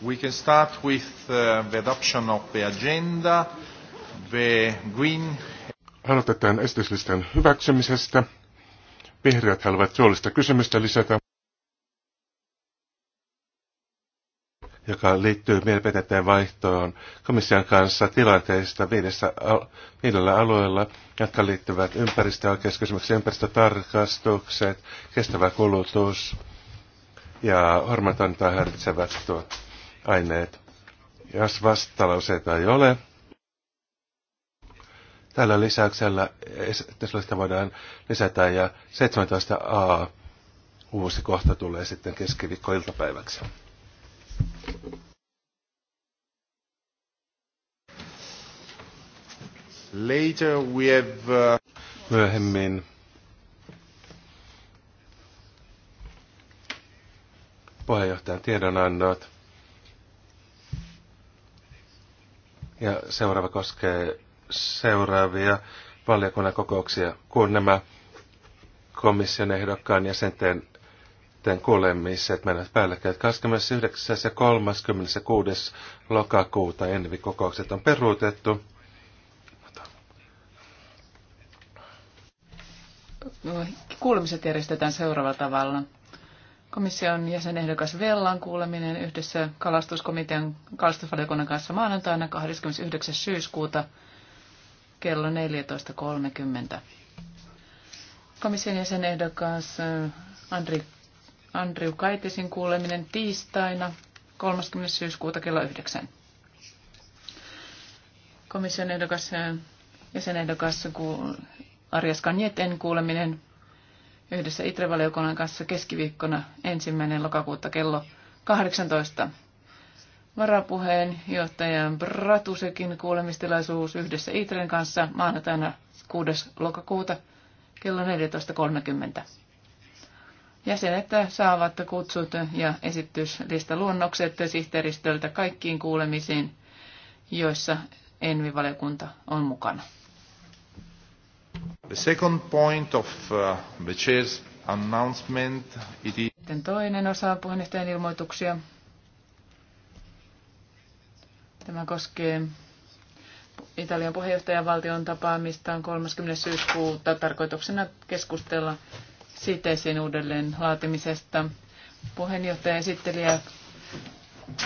We can start with uh, the adoption of the agenda, the green... Aloitetaan esityslistan hyväksymisestä. Vihreät haluavat suolista kysymystä lisätä, joka liittyy mielipiteiden vaihtoon komission kanssa tilanteista viidessä, viidellä alueella, jotka liittyvät ympäristöoikeuskysymyksiin, ympäristötarkastukset, kestävä kulutus ja hormatonta häiritsevät tuotteet aineet. Jos vastalauseita ei ole, tällä lisäyksellä tässä voidaan lisätä ja 17a uusi kohta tulee sitten keskiviikkoiltapäiväksi. Later we have, uh... Myöhemmin puheenjohtajan tiedonannot. Ja seuraava koskee seuraavia valiokunnan kokouksia, kun nämä komission ehdokkaan jäsenten sitten kuulemiset menevät päällekkäin. 29. ja 36. lokakuuta envi on peruutettu. Kuulemiset järjestetään seuraavalla tavalla. Komission jäsenehdokas Vellan kuuleminen yhdessä kalastuskomitean kalastusvaliokunnan kanssa maanantaina 29. syyskuuta kello 14.30. Komission jäsenehdokas eh, Andri, Andriu Kaitisin kuuleminen tiistaina 30. syyskuuta kello 9. Komission ehdokas, eh, jäsenehdokas Arjas Kanjeten kuuleminen yhdessä Itrevaliokunnan kanssa keskiviikkona ensimmäinen lokakuuta kello 18. Varapuheenjohtajan Bratusekin kuulemistilaisuus yhdessä ITREn kanssa maanantaina 6. lokakuuta kello 14.30. Jäsenet saavat kutsut ja esityslistaluonnokset sihteeristöltä kaikkiin kuulemisiin, joissa Envi-valiokunta on mukana. The second point of uh, the chair's announcement, it is... Sitten toinen osa puheenjohtajan ilmoituksia. Tämä koskee Italian valtion tapaamista 30. syyskuuta tarkoituksena keskustella sitesin uudelleen laatimisesta. Puheenjohtaja esittelijä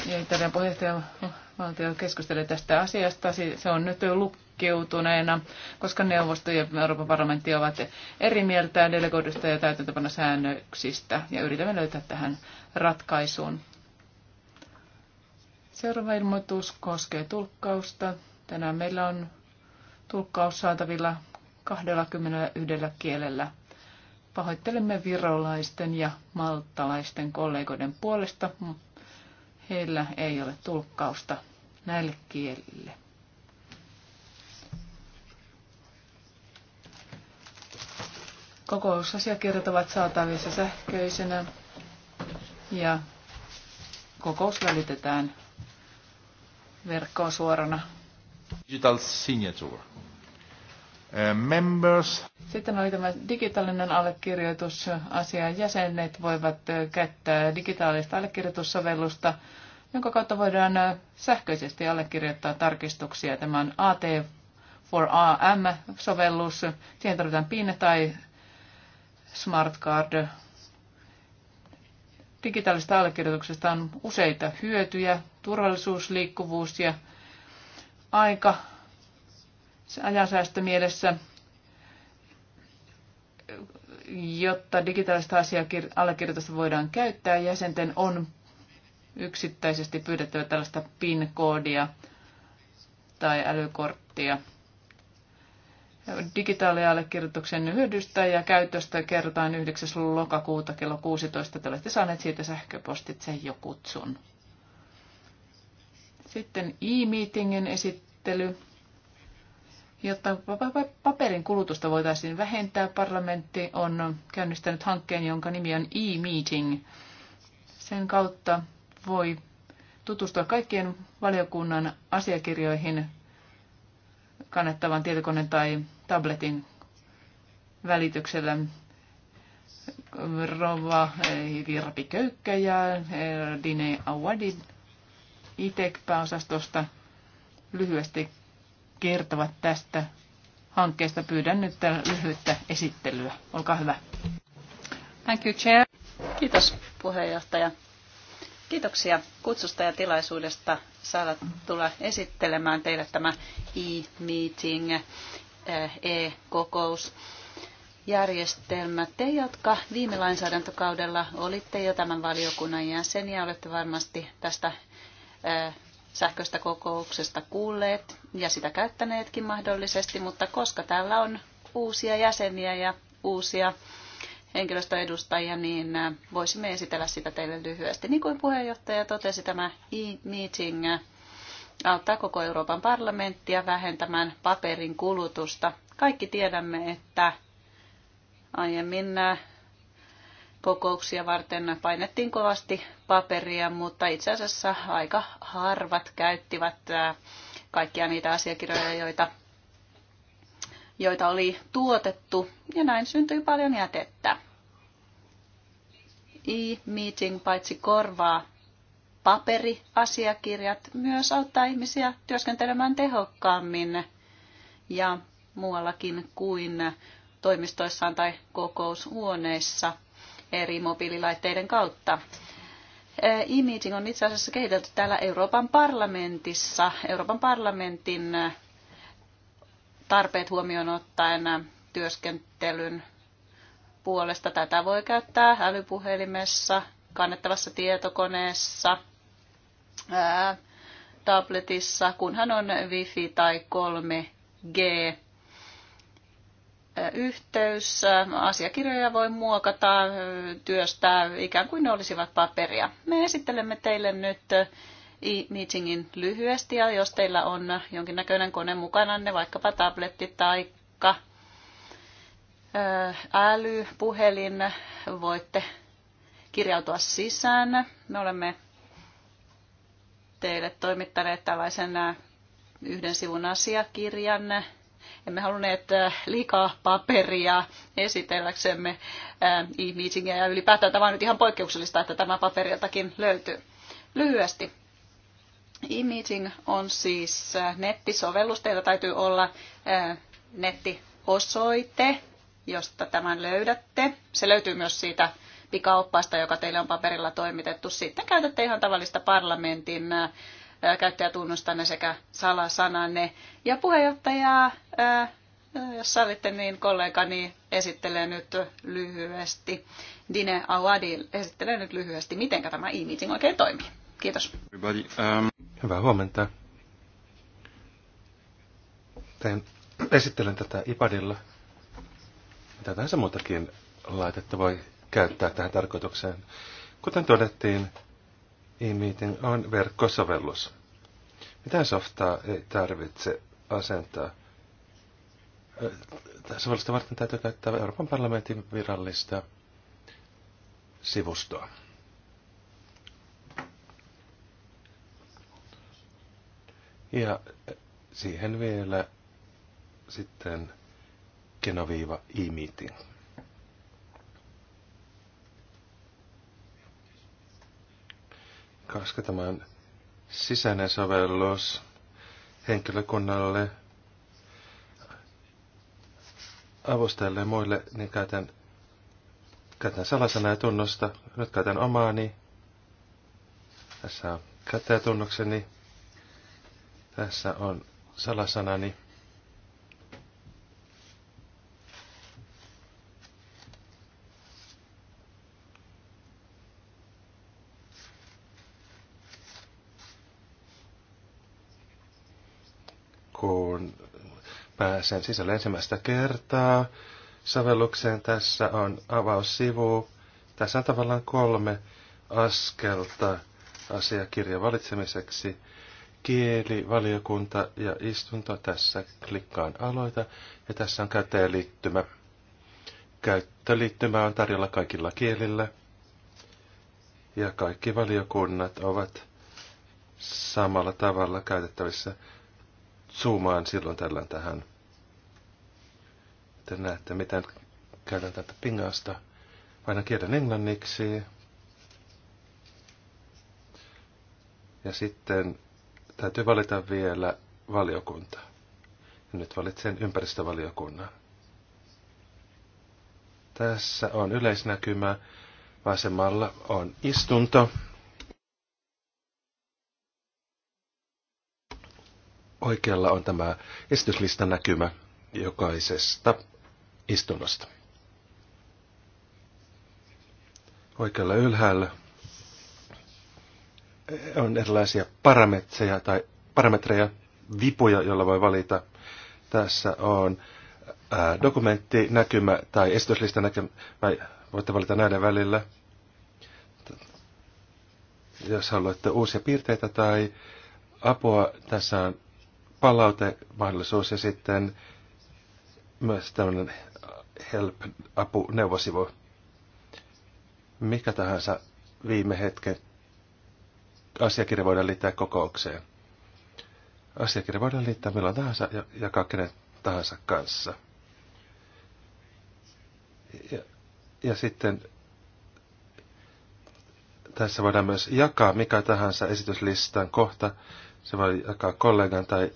ja Italian puheenjohtaja valtio keskustelee tästä asiasta. Se on nyt lukkiutuneena, koska neuvosto ja Euroopan parlamentti ovat eri mieltä delegoidusta ja täytäntöpana säännöksistä ja yritämme löytää tähän ratkaisuun. Seuraava ilmoitus koskee tulkkausta. Tänään meillä on tulkkaus saatavilla 21 kielellä. Pahoittelemme virolaisten ja maltalaisten kollegoiden puolesta, Heillä ei ole tulkkausta näille kielille. Kokousasiakirjat ovat saatavissa sähköisenä ja kokous välitetään verkkoon suorana. Digital signature. Uh, members sitten oli tämä digitaalinen allekirjoitus. Asian jäsenet voivat käyttää digitaalista allekirjoitussovellusta, jonka kautta voidaan sähköisesti allekirjoittaa tarkistuksia. Tämä on AT 4 AM-sovellus. Siihen tarvitaan PIN tai Smart Card. Digitaalista allekirjoituksesta on useita hyötyjä, turvallisuus, liikkuvuus ja aika ajansäästö mielessä jotta digitaalista allekirjoitusta voidaan käyttää, jäsenten on yksittäisesti pyydettävä tällaista PIN-koodia tai älykorttia. Digitaalia allekirjoituksen hyödystä ja käytöstä kerrotaan 9. lokakuuta kello 16. Te olette saaneet siitä sähköpostitse jo kutsun. Sitten e-meetingin esittely. Jotta paperin kulutusta voitaisiin vähentää, parlamentti on käynnistänyt hankkeen, jonka nimi on e-meeting. Sen kautta voi tutustua kaikkien valiokunnan asiakirjoihin kannettavan tietokoneen tai tabletin välityksellä. Rova Virpi eh, Köykkä ja eh, Dine Awadi ITEC-pääosastosta lyhyesti kertovat tästä hankkeesta. Pyydän nyt lyhyttä esittelyä. Olkaa hyvä. Thank you, Chair. Kiitos puheenjohtaja. Kiitoksia kutsusta ja tilaisuudesta saada tulla esittelemään teille tämä e-meeting, eh, e-kokous järjestelmä. Te, jotka viime lainsäädäntökaudella olitte jo tämän valiokunnan jäseniä, olette varmasti tästä eh, sähköistä kokouksesta kuulleet ja sitä käyttäneetkin mahdollisesti, mutta koska täällä on uusia jäseniä ja uusia henkilöstöedustajia, niin äh, voisimme esitellä sitä teille lyhyesti. Niin kuin puheenjohtaja totesi, tämä e-meeting äh, auttaa koko Euroopan parlamenttia vähentämään paperin kulutusta. Kaikki tiedämme, että aiemmin äh, kokouksia varten painettiin kovasti paperia, mutta itse asiassa aika harvat käyttivät kaikkia niitä asiakirjoja, joita, joita oli tuotettu, ja näin syntyi paljon jätettä. E-meeting paitsi korvaa paperiasiakirjat, myös auttaa ihmisiä työskentelemään tehokkaammin ja muuallakin kuin toimistoissaan tai kokoushuoneissa – eri mobiililaitteiden kautta. E-meeting on itse asiassa kehitelty täällä Euroopan parlamentissa, Euroopan parlamentin tarpeet huomioon ottaen työskentelyn puolesta. Tätä voi käyttää älypuhelimessa, kannettavassa tietokoneessa, e, tabletissa, kunhan on wifi tai 3G yhteys. Asiakirjoja voi muokata, työstää ikään kuin ne olisivat paperia. Me esittelemme teille nyt e-meetingin lyhyesti ja jos teillä on jonkinnäköinen kone mukana, ne vaikkapa tabletti tai älypuhelin, voitte kirjautua sisään. Me olemme teille toimittaneet tällaisen yhden sivun asiakirjan emme halunneet äh, liikaa paperia esitelläksemme äh, e-meetingiä ja ylipäätään tämä on nyt ihan poikkeuksellista, että tämä paperiltakin löytyy. Lyhyesti. E-meeting on siis äh, nettisovellus. Teillä täytyy olla nettiosoite, josta tämän löydätte. Se löytyy myös siitä pikaoppaasta, joka teille on paperilla toimitettu. Sitten käytätte ihan tavallista parlamentin käyttäjätunnustanne sekä salasananne. Ja puheenjohtaja, jos sallitte, niin kollegani esittelee nyt lyhyesti, Dine Awadi esittelee nyt lyhyesti, miten tämä e-meeting oikein toimii. Kiitos. Um... Hyvää huomenta. Teen, esittelen tätä iPadilla. Mitä tahansa muutakin laitetta voi käyttää tähän tarkoitukseen. Kuten todettiin, e-meeting on verkkosovellus. Mitä softaa ei tarvitse asentaa. Sovellusta varten täytyy käyttää Euroopan parlamentin virallista sivustoa. Ja siihen vielä sitten kenoviiva e-meeting. koska tämä on sisäinen sovellus henkilökunnalle, avustajille ja muille, niin käytän, käytän salasana ja tunnosta. Nyt käytän omaani. Tässä on käyttäjätunnukseni. Tässä on salasanani. sen sisällä ensimmäistä kertaa sovellukseen. Tässä on avaussivu. Tässä on tavallaan kolme askelta asiakirjan valitsemiseksi. Kieli, valiokunta ja istunto. Tässä klikkaan aloita ja tässä on käyttäjäliittymä Käyttöliittymä on tarjolla kaikilla kielillä ja kaikki valiokunnat ovat samalla tavalla käytettävissä zoomaan silloin tällään tähän te näette, miten käydään tätä pingasta. Aina kielen englanniksi. Ja sitten täytyy valita vielä valiokunta. Ja nyt valitsen ympäristövaliokunnan. Tässä on yleisnäkymä. Vasemmalla on istunto. Oikealla on tämä esityslistanäkymä näkymä jokaisesta istunnosta. Oikealla ylhäällä on erilaisia parametreja tai parametreja, vipuja, joilla voi valita. Tässä on dokumentti, näkymä tai esityslista näkymä. Voitte valita näiden välillä. Jos haluatte uusia piirteitä tai apua, tässä on palautemahdollisuus ja sitten myös tämmöinen help-apu neuvosivu. Mikä tahansa viime hetken asiakirja voidaan liittää kokoukseen. Asiakirja voidaan liittää milloin tahansa ja jakaa kenen tahansa kanssa. Ja, ja sitten tässä voidaan myös jakaa mikä tahansa esityslistan kohta. Se voi jakaa kollegan tai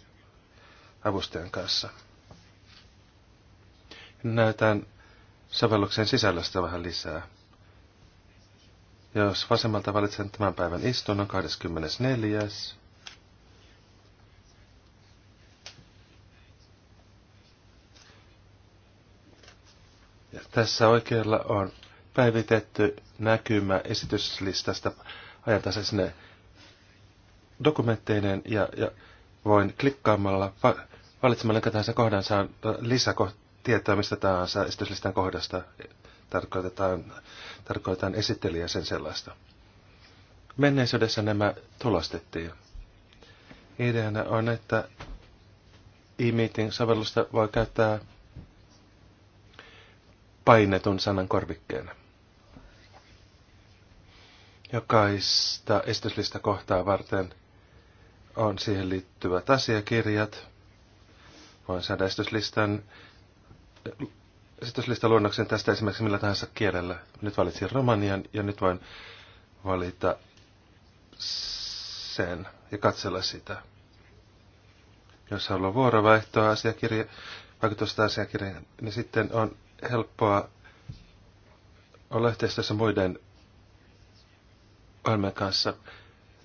avustajan kanssa näytän sovelluksen sisällöstä vähän lisää. Jos vasemmalta valitsen tämän päivän istunnon 24. Ja tässä oikealla on päivitetty näkymä esityslistasta ajantasaisine dokumentteineen ja, ja voin klikkaamalla valitsemalla tahansa kohdan saan lisäkohtaa tietää, mistä tahansa esityslistan kohdasta. Tarkoitetaan, tarkoitetaan esittelijä sen sellaista. Menneisyydessä nämä tulostettiin. Ideana on, että e-meeting-sovellusta voi käyttää painetun sanan korvikkeena. Jokaista esityslistä kohtaa varten on siihen liittyvät asiakirjat. Voin saada esityslistan sitten jos luonnoksen tästä esimerkiksi millä tahansa kielellä. Nyt valitsin romanian ja nyt voin valita sen ja katsella sitä. Jos haluaa vuorovaihtoa asiakirja, vaikutusta asiakirjaan, niin sitten on helppoa olla yhteistyössä muiden ohjelmien kanssa.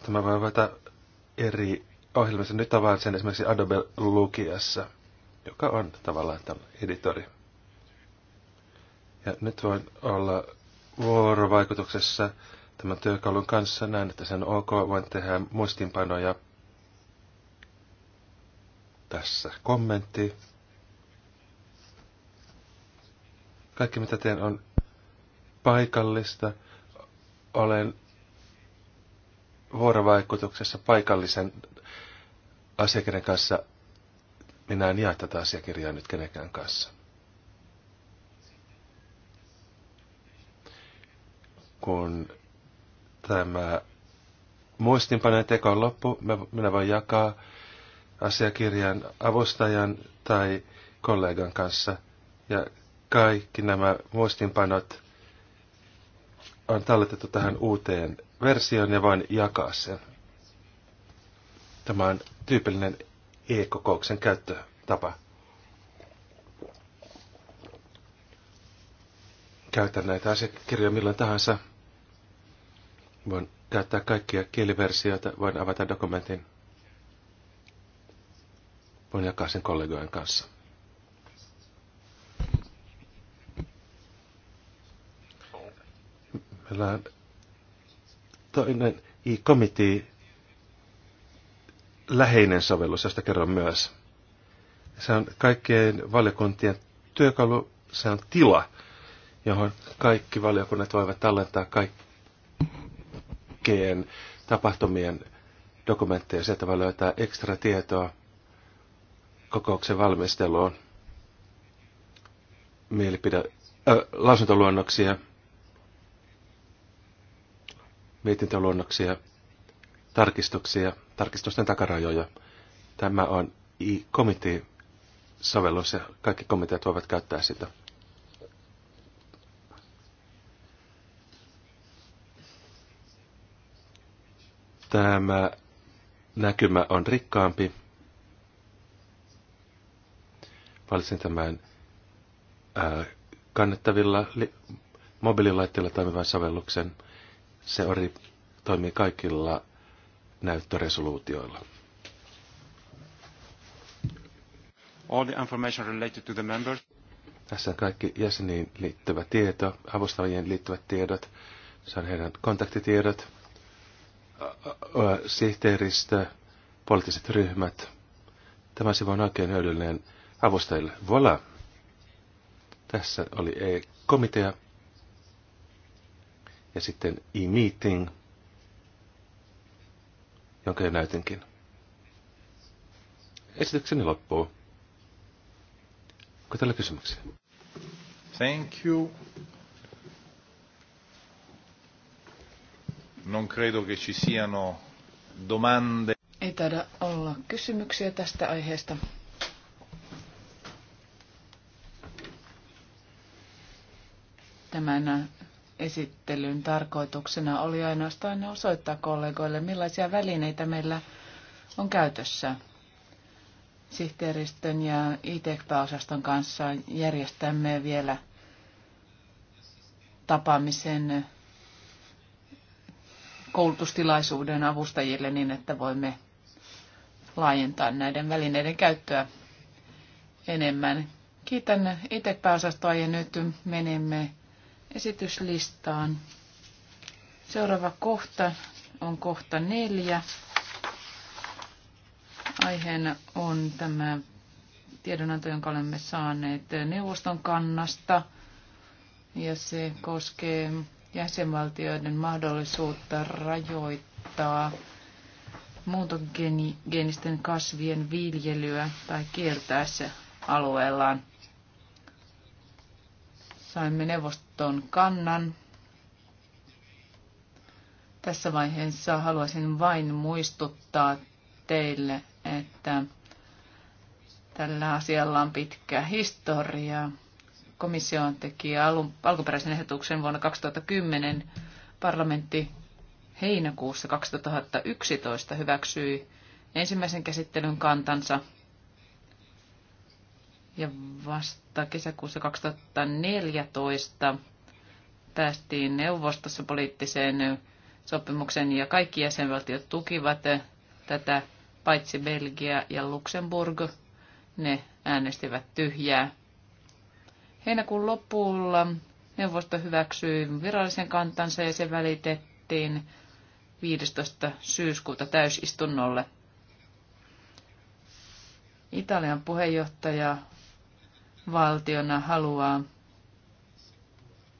Tämä voi avata eri ohjelmissa. Nyt avaan sen esimerkiksi Adobe Lukiassa – joka on tavallaan tämä editori. Ja nyt voin olla vuorovaikutuksessa tämän työkalun kanssa. Näen, että sen ok, voin tehdä muistinpanoja. Tässä kommentti. Kaikki mitä teen on paikallista. Olen vuorovaikutuksessa paikallisen asiakirjan kanssa minä en jaa tätä asiakirjaa nyt kenenkään kanssa. Kun tämä muistinpaneen teko on loppu, minä voin jakaa asiakirjan avustajan tai kollegan kanssa. Ja kaikki nämä muistinpanot on talletettu tähän uuteen versioon ja voin jakaa sen. Tämä on tyypillinen e-kokouksen käyttötapa. Käytän näitä asiakirjoja milloin tahansa. Voin käyttää kaikkia kieliversioita, voin avata dokumentin. Voin jakaa sen kollegojen kanssa. Meillä on toinen e komitee läheinen sovellus, josta kerron myös. Se on kaikkien valiokuntien työkalu, se on tila, johon kaikki valiokunnat voivat tallentaa kaikkien tapahtumien dokumentteja. Sieltä voi löytää ekstra tietoa kokouksen valmisteluun, mielipide, äh, lausuntoluonnoksia, mietintöluonnoksia, tarkistuksia, tarkistusten takarajoja. Tämä on e komitee sovellus ja kaikki komiteat voivat käyttää sitä. Tämä näkymä on rikkaampi. Valitsin tämän ää, kannettavilla mobiililaitteilla toimivan sovelluksen. Se ori toimii kaikilla näyttöresoluutioilla. All the information related to the members. Tässä on kaikki jäseniin liittyvä tieto, avustajien liittyvät tiedot, se on heidän kontaktitiedot, sihteeristö, poliittiset ryhmät. Tämä sivu on oikein hyödyllinen avustajille. Voila! Tässä oli e-komitea ja sitten e-meeting – jonka jo näytinkin. Esitykseni loppuu. Onko tällä kysymyksiä? Thank you. Non credo che ci siano domande. Ei taida olla kysymyksiä tästä aiheesta. Tämän esittelyn tarkoituksena oli ainoastaan osoittaa kollegoille, millaisia välineitä meillä on käytössä. Sihteeristön ja ITEC-pääosaston kanssa järjestämme vielä tapaamisen koulutustilaisuuden avustajille niin, että voimme laajentaa näiden välineiden käyttöä enemmän. Kiitän itse pääosastoa ja nyt menemme esityslistaan. Seuraava kohta on kohta neljä. Aiheena on tämä tiedonanto, jonka olemme saaneet neuvoston kannasta. Ja se koskee jäsenvaltioiden mahdollisuutta rajoittaa muutogeenisten kasvien viljelyä tai kiertää se alueellaan. Saimme neuvoston kannan. Tässä vaiheessa haluaisin vain muistuttaa teille, että tällä asialla on pitkä historia. Komissio teki alun, alkuperäisen ehdotuksen vuonna 2010. Parlamentti heinäkuussa 2011 hyväksyi ensimmäisen käsittelyn kantansa ja vasta kesäkuussa 2014 päästiin neuvostossa poliittiseen sopimuksen ja kaikki jäsenvaltiot tukivat tätä, paitsi Belgia ja Luxemburg. Ne äänestivät tyhjää. Heinäkuun lopulla neuvosto hyväksyi virallisen kantansa ja se välitettiin 15. syyskuuta täysistunnolle. Italian puheenjohtaja valtiona haluaa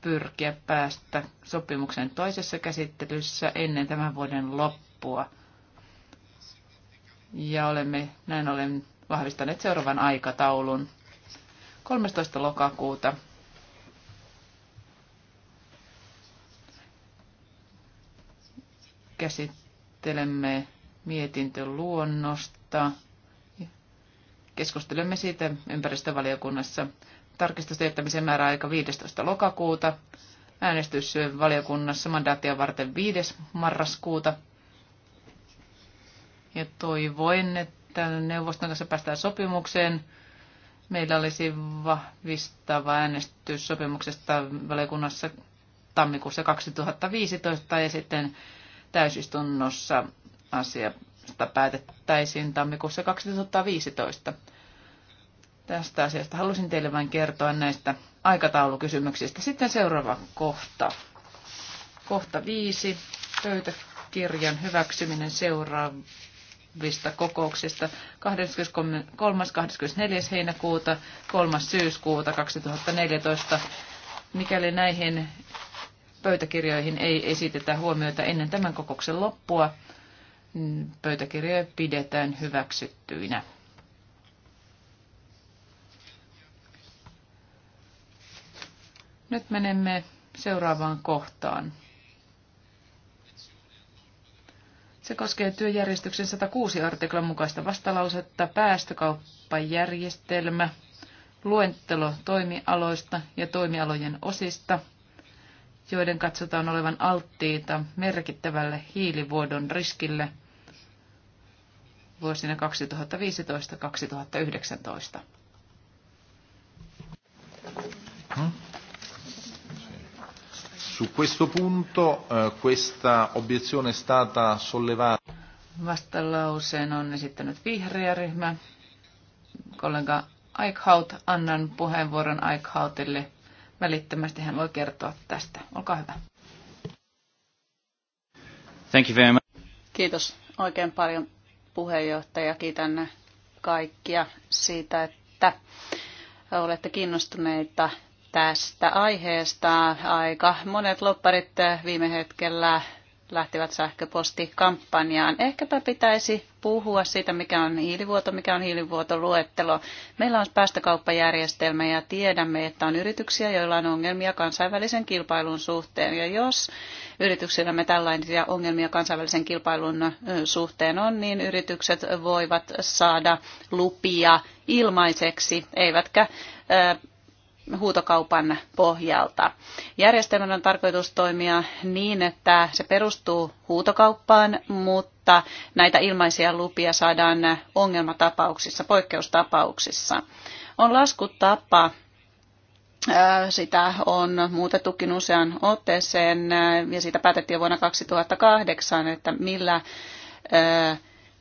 pyrkiä päästä sopimuksen toisessa käsittelyssä ennen tämän vuoden loppua. Ja olemme näin olen vahvistaneet seuraavan aikataulun. 13. lokakuuta käsittelemme mietintöluonnosta. luonnosta Keskustelemme siitä ympäristövaliokunnassa. Tarkistusten jättämisen määräaika 15. lokakuuta. Äänestys valiokunnassa mandaattia varten 5. marraskuuta. Ja toivoin, että neuvoston kanssa päästään sopimukseen. Meillä olisi vahvistava äänestys sopimuksesta valiokunnassa tammikuussa 2015 ja sitten täysistunnossa asiasta päätettäisiin tammikuussa 2015 tästä asiasta. Halusin teille vain kertoa näistä aikataulukysymyksistä. Sitten seuraava kohta. Kohta viisi. Pöytäkirjan hyväksyminen seuraavista kokouksista 23. 24. heinäkuuta, 3. syyskuuta 2014. Mikäli näihin pöytäkirjoihin ei esitetä huomiota ennen tämän kokouksen loppua, pöytäkirjoja pidetään hyväksyttyinä. Nyt menemme seuraavaan kohtaan. Se koskee työjärjestyksen 106 artiklan mukaista vastalausetta päästökauppajärjestelmä, luentelo toimialoista ja toimialojen osista, joiden katsotaan olevan alttiita merkittävälle hiilivuodon riskille vuosina 2015-2019. Hmm? Su questo punto eh, questa obiezione è stata sollevata. Vastalauseen on esittänyt vihreä ryhmä. Kollega Eichhout, annan puheenvuoron Eichhoutille välittömästi. Hän voi kertoa tästä. Olkaa hyvä. Thank you very much. Kiitos oikein paljon puheenjohtaja. Kiitän kaikkia siitä, että olette kiinnostuneita tästä aiheesta. Aika monet lopparit viime hetkellä lähtivät sähköpostikampanjaan. Ehkäpä pitäisi puhua siitä, mikä on hiilivuoto, mikä on hiilivuotoluettelo. Meillä on päästökauppajärjestelmä ja tiedämme, että on yrityksiä, joilla on ongelmia kansainvälisen kilpailun suhteen. Ja jos yrityksillämme tällaisia ongelmia kansainvälisen kilpailun suhteen on, niin yritykset voivat saada lupia ilmaiseksi, eivätkä huutokaupan pohjalta. Järjestelmän on tarkoitus toimia niin, että se perustuu huutokauppaan, mutta näitä ilmaisia lupia saadaan ongelmatapauksissa, poikkeustapauksissa. On laskutapa, sitä on muutettukin usean otteeseen ja siitä päätettiin vuonna 2008, että millä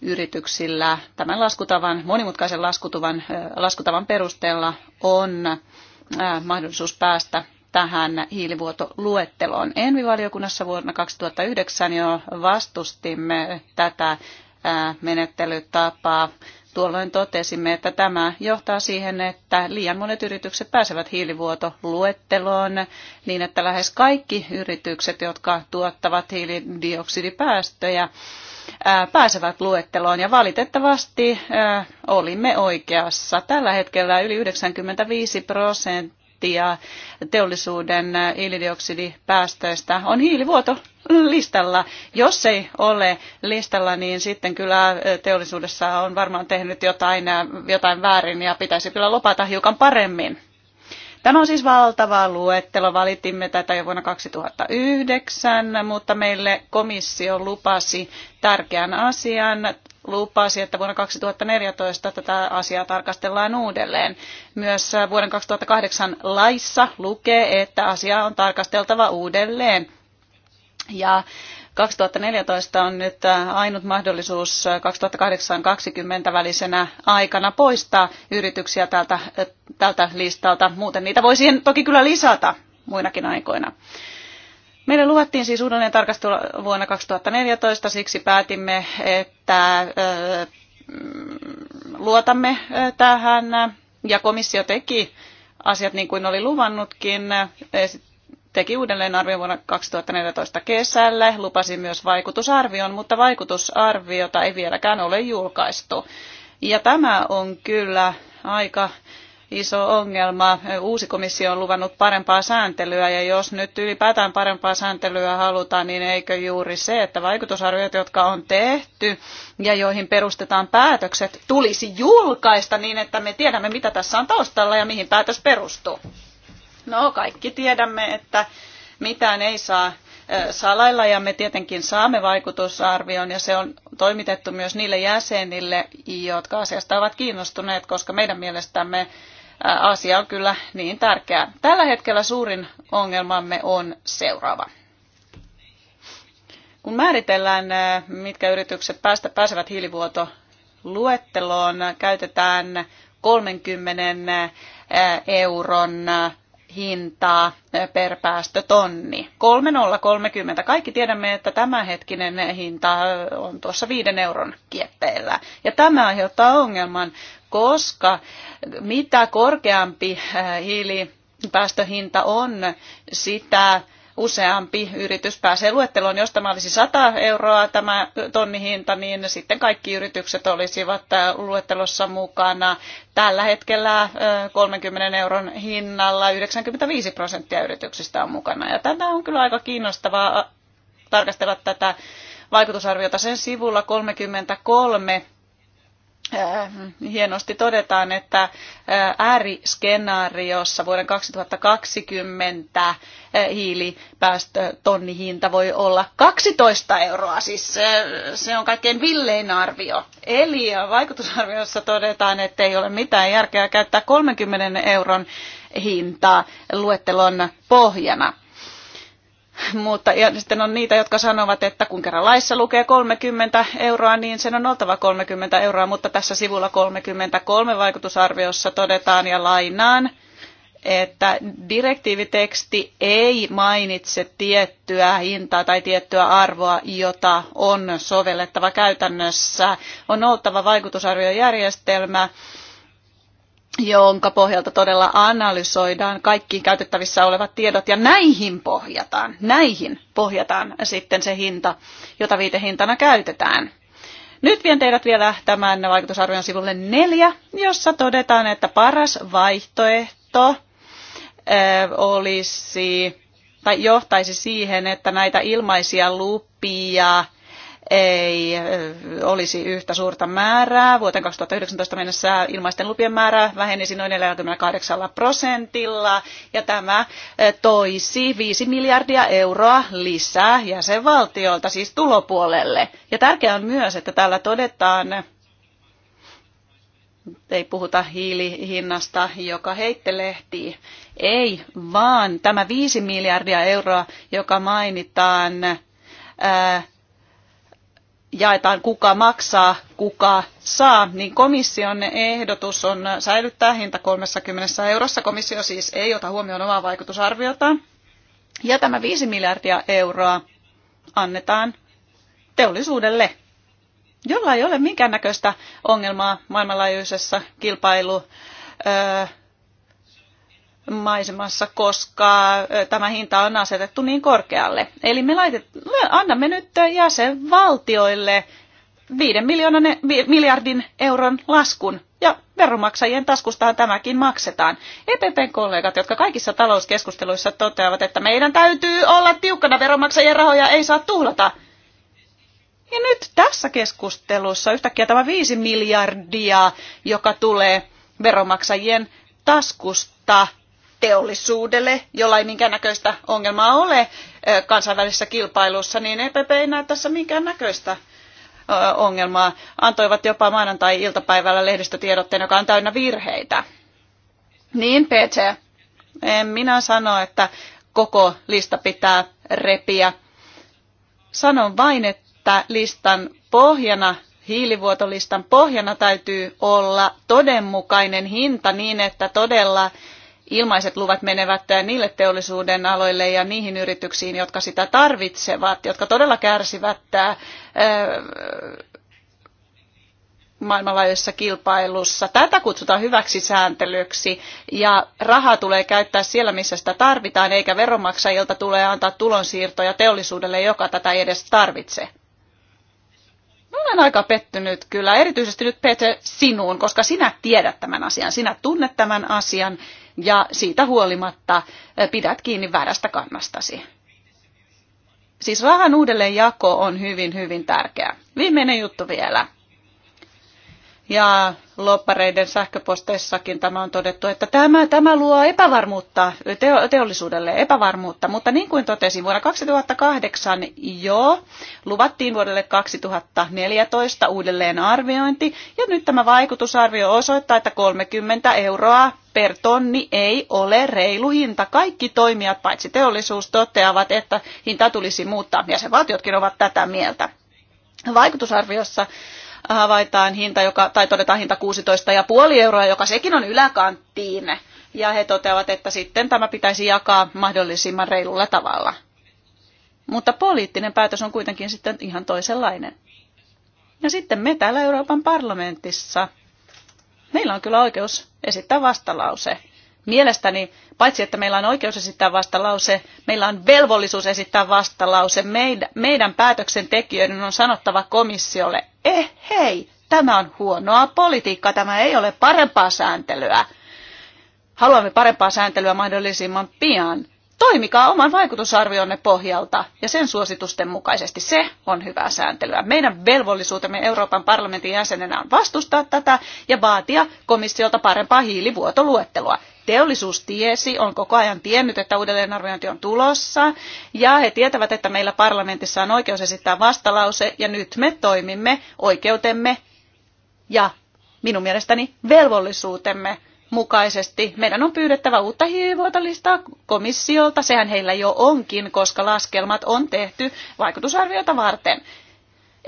yrityksillä tämän laskutavan, monimutkaisen laskutavan perusteella on mahdollisuus päästä tähän hiilivuotoluetteloon. Envivaliokunnassa vuonna 2009 jo vastustimme tätä menettelytapaa. Tuolloin totesimme, että tämä johtaa siihen, että liian monet yritykset pääsevät hiilivuotoluetteloon niin, että lähes kaikki yritykset, jotka tuottavat hiilidioksidipäästöjä, pääsevät luetteloon. Ja valitettavasti olimme oikeassa. Tällä hetkellä yli 95 prosenttia teollisuuden hiilidioksidipäästöistä on hiilivuoto listalla. Jos ei ole listalla, niin sitten kyllä teollisuudessa on varmaan tehnyt jotain, jotain väärin ja pitäisi kyllä lopata hiukan paremmin. Tämä on siis valtava luettelo. Valitimme tätä jo vuonna 2009, mutta meille komissio lupasi tärkeän asian lupasi, että vuonna 2014 tätä asiaa tarkastellaan uudelleen. Myös vuoden 2008 laissa lukee, että asia on tarkasteltava uudelleen. Ja 2014 on nyt äh, ainut mahdollisuus 2008-2020 äh, välisenä aikana poistaa yrityksiä tältä, äh, tältä listalta. Muuten niitä voi siihen toki kyllä lisätä muinakin aikoina. Meille luvattiin siis uudelleen tarkastelu vuonna 2014, siksi päätimme, että luotamme tähän ja komissio teki asiat niin kuin oli luvannutkin, teki arvio vuonna 2014 kesällä, lupasi myös vaikutusarvion, mutta vaikutusarviota ei vieläkään ole julkaistu. Ja tämä on kyllä aika iso ongelma. Uusi komissio on luvannut parempaa sääntelyä ja jos nyt ylipäätään parempaa sääntelyä halutaan, niin eikö juuri se, että vaikutusarviot, jotka on tehty ja joihin perustetaan päätökset, tulisi julkaista niin, että me tiedämme, mitä tässä on taustalla ja mihin päätös perustuu. No, kaikki tiedämme, että mitään ei saa salailla ja me tietenkin saamme vaikutusarvion ja se on toimitettu myös niille jäsenille, jotka asiasta ovat kiinnostuneet, koska meidän mielestämme asia on kyllä niin tärkeä. Tällä hetkellä suurin ongelmamme on seuraava. Kun määritellään, mitkä yritykset päästä pääsevät luetteloon käytetään 30 euron hintaa per päästötonni. 3,030. Kaikki tiedämme, että tämänhetkinen hinta on tuossa viiden euron kieppeillä. Ja tämä aiheuttaa ongelman, koska mitä korkeampi äh, hiilipäästöhinta on, sitä useampi yritys pääsee luetteloon. Jos tämä olisi 100 euroa tämä tonnihinta, niin sitten kaikki yritykset olisivat äh, luettelossa mukana. Tällä hetkellä 30 äh, euron hinnalla 95 prosenttia yrityksistä on mukana. Ja tämä on kyllä aika kiinnostavaa äh, tarkastella tätä vaikutusarviota sen sivulla 33 Äh, hienosti todetaan, että äh, ääriskenaariossa vuoden 2020 äh, hiilipäästötonnihinta voi olla 12 euroa, siis se on kaikkein villein arvio. Eli vaikutusarviossa todetaan, että ei ole mitään järkeä käyttää 30 euron hintaa luettelon pohjana. Mutta ja sitten on niitä, jotka sanovat, että kun kerran laissa lukee 30 euroa, niin sen on oltava 30 euroa, mutta tässä sivulla 33 vaikutusarviossa todetaan ja lainaan, että direktiiviteksti ei mainitse tiettyä hintaa tai tiettyä arvoa, jota on sovellettava käytännössä. On oltava vaikutusarviojärjestelmä, jonka pohjalta todella analysoidaan kaikki käytettävissä olevat tiedot ja näihin pohjataan, näihin pohjataan sitten se hinta, jota viitehintana käytetään. Nyt vien teidät vielä tämän vaikutusarvion sivulle neljä, jossa todetaan, että paras vaihtoehto olisi tai johtaisi siihen, että näitä ilmaisia lupia – ei olisi yhtä suurta määrää. Vuoteen 2019 mennessä ilmaisten lupien määrä vähenisi noin 48 prosentilla ja tämä toisi 5 miljardia euroa lisää jäsenvaltiolta, siis tulopuolelle. Ja tärkeää on myös, että täällä todetaan, ei puhuta hiilihinnasta, joka heittelehtii. Ei, vaan tämä 5 miljardia euroa, joka mainitaan, ää, jaetaan kuka maksaa, kuka saa, niin komission ehdotus on säilyttää hinta 30 eurossa. Komissio siis ei ota huomioon omaa vaikutusarviotaan. Ja tämä 5 miljardia euroa annetaan teollisuudelle, jolla ei ole minkäännäköistä ongelmaa maailmanlaajuisessa kilpailu maisemassa, koska tämä hinta on asetettu niin korkealle. Eli me, laitet, me annamme nyt jäsenvaltioille 5 e- miljardin euron laskun ja veronmaksajien taskustahan tämäkin maksetaan. EPPn kollegat, jotka kaikissa talouskeskusteluissa toteavat, että meidän täytyy olla tiukkana veronmaksajien rahoja, ei saa tuhlata. Ja nyt tässä keskustelussa yhtäkkiä tämä 5 miljardia, joka tulee veronmaksajien taskusta, teollisuudelle, jolla ei minkäännäköistä ongelmaa ole kansainvälisessä kilpailussa, niin EPP ei näe tässä minkäännäköistä ongelmaa. Antoivat jopa maanantai-iltapäivällä lehdistötiedotteen, joka on täynnä virheitä. Niin, PC. En minä sano, että koko lista pitää repiä. Sanon vain, että listan pohjana hiilivuotolistan pohjana täytyy olla todenmukainen hinta niin, että todella ilmaiset luvat menevät niille teollisuuden aloille ja niihin yrityksiin, jotka sitä tarvitsevat, jotka todella kärsivät maailmanlaajuisessa kilpailussa. Tätä kutsutaan hyväksi sääntelyksi ja rahaa tulee käyttää siellä, missä sitä tarvitaan, eikä veronmaksajilta tule antaa tulonsiirtoja teollisuudelle, joka tätä ei edes tarvitse. Mä olen aika pettynyt kyllä, erityisesti nyt Peter sinuun, koska sinä tiedät tämän asian, sinä tunnet tämän asian ja siitä huolimatta pidät kiinni väärästä kannastasi. Siis rahan uudelleenjako on hyvin, hyvin tärkeä. Viimeinen juttu vielä ja loppareiden sähköposteissakin tämä on todettu, että tämä, tämä luo epävarmuutta teollisuudelle, epävarmuutta. Mutta niin kuin totesin, vuonna 2008 jo luvattiin vuodelle 2014 uudelleen arviointi, ja nyt tämä vaikutusarvio osoittaa, että 30 euroa per tonni ei ole reilu hinta. Kaikki toimijat, paitsi teollisuus, toteavat, että hinta tulisi muuttaa. ja se valtiotkin ovat tätä mieltä. Vaikutusarviossa havaitaan hinta, joka, tai todetaan hinta 16,5 euroa, joka sekin on yläkanttiin. Ja he toteavat, että sitten tämä pitäisi jakaa mahdollisimman reilulla tavalla. Mutta poliittinen päätös on kuitenkin sitten ihan toisenlainen. Ja sitten me täällä Euroopan parlamentissa, meillä on kyllä oikeus esittää vastalause. Mielestäni paitsi, että meillä on oikeus esittää vastalause, meillä on velvollisuus esittää vastalause. Meidän, päätöksentekijöiden on sanottava komissiolle, eh hei, tämä on huonoa politiikkaa, tämä ei ole parempaa sääntelyä. Haluamme parempaa sääntelyä mahdollisimman pian. Toimikaa oman vaikutusarvionne pohjalta ja sen suositusten mukaisesti. Se on hyvää sääntelyä. Meidän velvollisuutemme Euroopan parlamentin jäsenenä on vastustaa tätä ja vaatia komissiolta parempaa hiilivuotoluettelua. Teollisuus tiesi, on koko ajan tiennyt, että uudelleenarviointi on tulossa, ja he tietävät, että meillä parlamentissa on oikeus esittää vastalause, ja nyt me toimimme oikeutemme ja minun mielestäni velvollisuutemme mukaisesti meidän on pyydettävä uutta hiilivuotolistaa komissiolta. Sehän heillä jo onkin, koska laskelmat on tehty vaikutusarviota varten.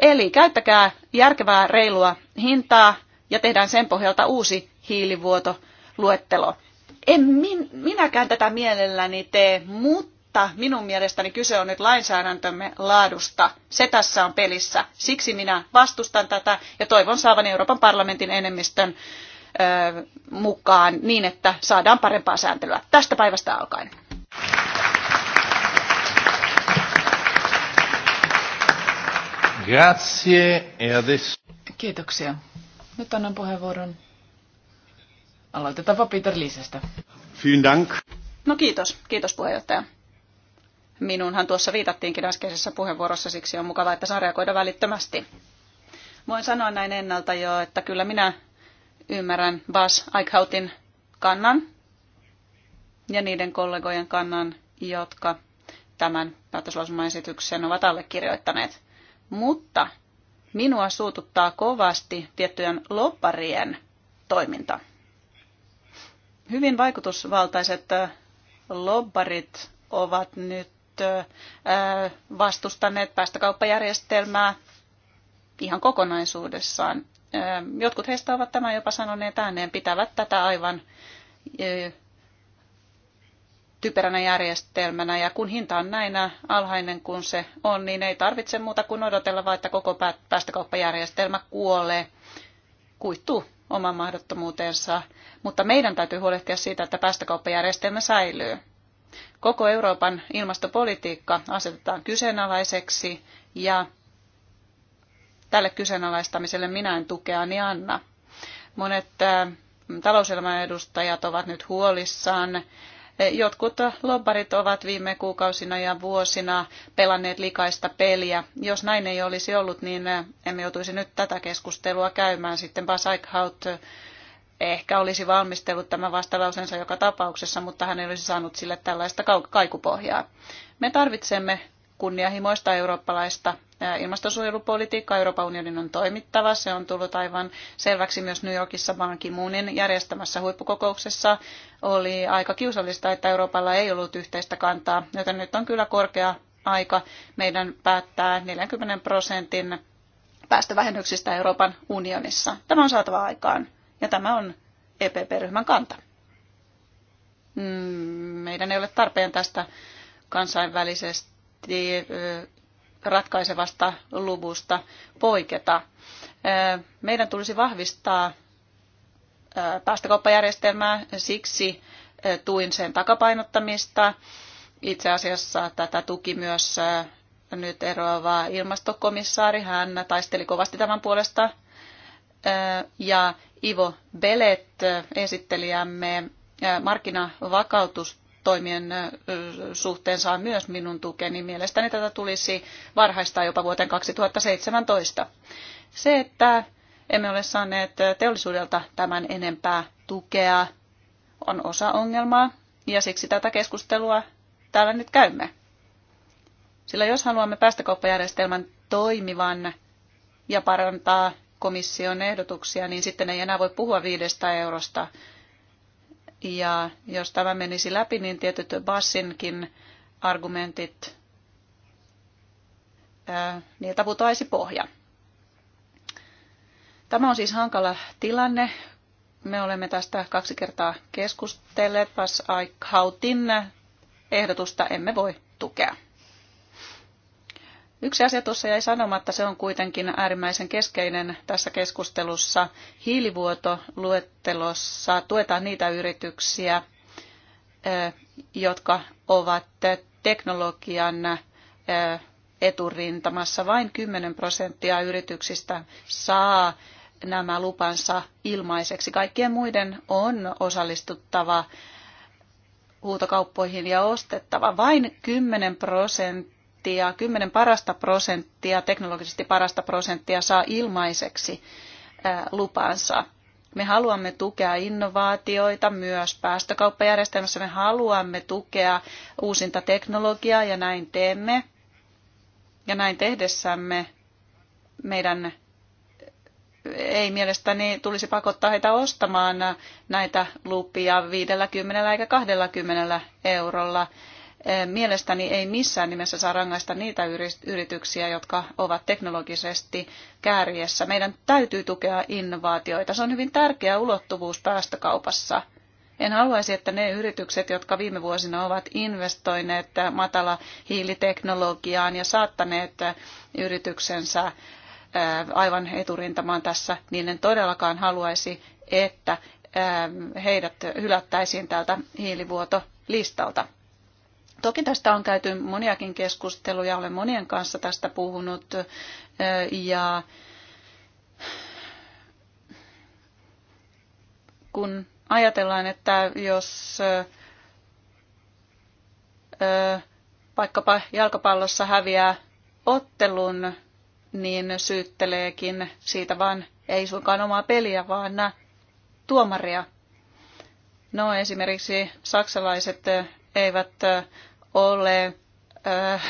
Eli käyttäkää järkevää reilua hintaa ja tehdään sen pohjalta uusi hiilivuotoluettelo. En min, minäkään tätä mielelläni tee, mutta minun mielestäni kyse on nyt lainsäädäntömme laadusta. Se tässä on pelissä. Siksi minä vastustan tätä ja toivon saavan Euroopan parlamentin enemmistön ö, mukaan niin, että saadaan parempaa sääntelyä tästä päivästä alkaen. Grazie e adesso... Kiitoksia. Nyt annan puheenvuoron Aloitetaanpa Peter Liisestä. Vielen dank. No kiitos, kiitos puheenjohtaja. Minunhan tuossa viitattiinkin äskeisessä puheenvuorossa, siksi on mukava, että saa reagoida välittömästi. Voin sanoa näin ennalta jo, että kyllä minä ymmärrän Bas Aikhautin kannan ja niiden kollegojen kannan, jotka tämän päätöslausumaesityksen ovat allekirjoittaneet. Mutta minua suututtaa kovasti tiettyjen lopparien toiminta. Hyvin vaikutusvaltaiset lobbarit ovat nyt vastustaneet päästökauppajärjestelmää ihan kokonaisuudessaan. Jotkut heistä ovat tämän jopa sanoneet ääneen, pitävät tätä aivan typeränä järjestelmänä ja kun hinta on näin alhainen kuin se on, niin ei tarvitse muuta kuin odotella vaan, että koko päästökauppajärjestelmä kuolee, kuittuu oman mahdottomuutensa, mutta meidän täytyy huolehtia siitä, että päästökauppajärjestelmä säilyy. Koko Euroopan ilmastopolitiikka asetetaan kyseenalaiseksi ja tälle kyseenalaistamiselle minä en tukeani anna. Monet äh, talouselämän edustajat ovat nyt huolissaan Jotkut lobbarit ovat viime kuukausina ja vuosina pelanneet likaista peliä. Jos näin ei olisi ollut, niin emme joutuisi nyt tätä keskustelua käymään. Sitten Bas Eichhout ehkä olisi valmistellut tämä vastalausensa joka tapauksessa, mutta hän ei olisi saanut sille tällaista kaikupohjaa. Me tarvitsemme kunnianhimoista eurooppalaista ilmastonsuojelupolitiikkaa Euroopan unionin on toimittava. Se on tullut aivan selväksi myös New Yorkissa Ban Ki-moonin järjestämässä huippukokouksessa. Oli aika kiusallista, että Euroopalla ei ollut yhteistä kantaa, joten nyt on kyllä korkea aika meidän päättää 40 prosentin päästövähennyksistä Euroopan unionissa. Tämä on saatava aikaan ja tämä on EPP-ryhmän kanta. Mm, meidän ei ole tarpeen tästä kansainvälisestä ratkaisevasta luvusta poiketa. Meidän tulisi vahvistaa päästökauppajärjestelmää, siksi tuin sen takapainottamista. Itse asiassa tätä tuki myös nyt eroava ilmastokomissaari. Hän taisteli kovasti tämän puolesta. Ja Ivo Belet, esittelijämme markkinavakautus toimien suhteen saa myös minun tukeni. Mielestäni tätä tulisi varhaistaa jopa vuoteen 2017. Se, että emme ole saaneet teollisuudelta tämän enempää tukea, on osa ongelmaa ja siksi tätä keskustelua täällä nyt käymme. Sillä jos haluamme päästökauppajärjestelmän toimivan ja parantaa komission ehdotuksia, niin sitten ei enää voi puhua viidestä eurosta, ja jos tämä menisi läpi, niin tietyt Bassinkin argumentit, niiltä putoaisi pohja. Tämä on siis hankala tilanne. Me olemme tästä kaksi kertaa keskustelleet. Bas Aikhautin ehdotusta emme voi tukea. Yksi asia tuossa jäi sanomatta, se on kuitenkin äärimmäisen keskeinen tässä keskustelussa. Hiilivuotoluettelossa tuetaan niitä yrityksiä, jotka ovat teknologian eturintamassa. Vain 10 prosenttia yrityksistä saa nämä lupansa ilmaiseksi. Kaikkien muiden on osallistuttava huutokauppoihin ja ostettava. Vain 10 prosenttia prosenttia, kymmenen parasta prosenttia, teknologisesti parasta prosenttia saa ilmaiseksi lupansa. Me haluamme tukea innovaatioita myös päästökauppajärjestelmässä. Me haluamme tukea uusinta teknologiaa ja näin teemme. Ja näin tehdessämme meidän ei mielestäni tulisi pakottaa heitä ostamaan näitä lupia 50 eikä 20 eurolla. Mielestäni ei missään nimessä saa rangaista niitä yrityksiä, jotka ovat teknologisesti kärjessä. Meidän täytyy tukea innovaatioita. Se on hyvin tärkeä ulottuvuus päästökaupassa. En haluaisi, että ne yritykset, jotka viime vuosina ovat investoineet matala hiiliteknologiaan ja saattaneet yrityksensä aivan eturintamaan tässä, niin en todellakaan haluaisi, että heidät hylättäisiin tältä hiilivuotolistalta. Toki tästä on käyty moniakin keskusteluja, olen monien kanssa tästä puhunut ja kun ajatellaan, että jos vaikkapa jalkapallossa häviää ottelun, niin syytteleekin siitä vaan ei suinkaan omaa peliä, vaan tuomaria. No esimerkiksi saksalaiset eivät ole äh,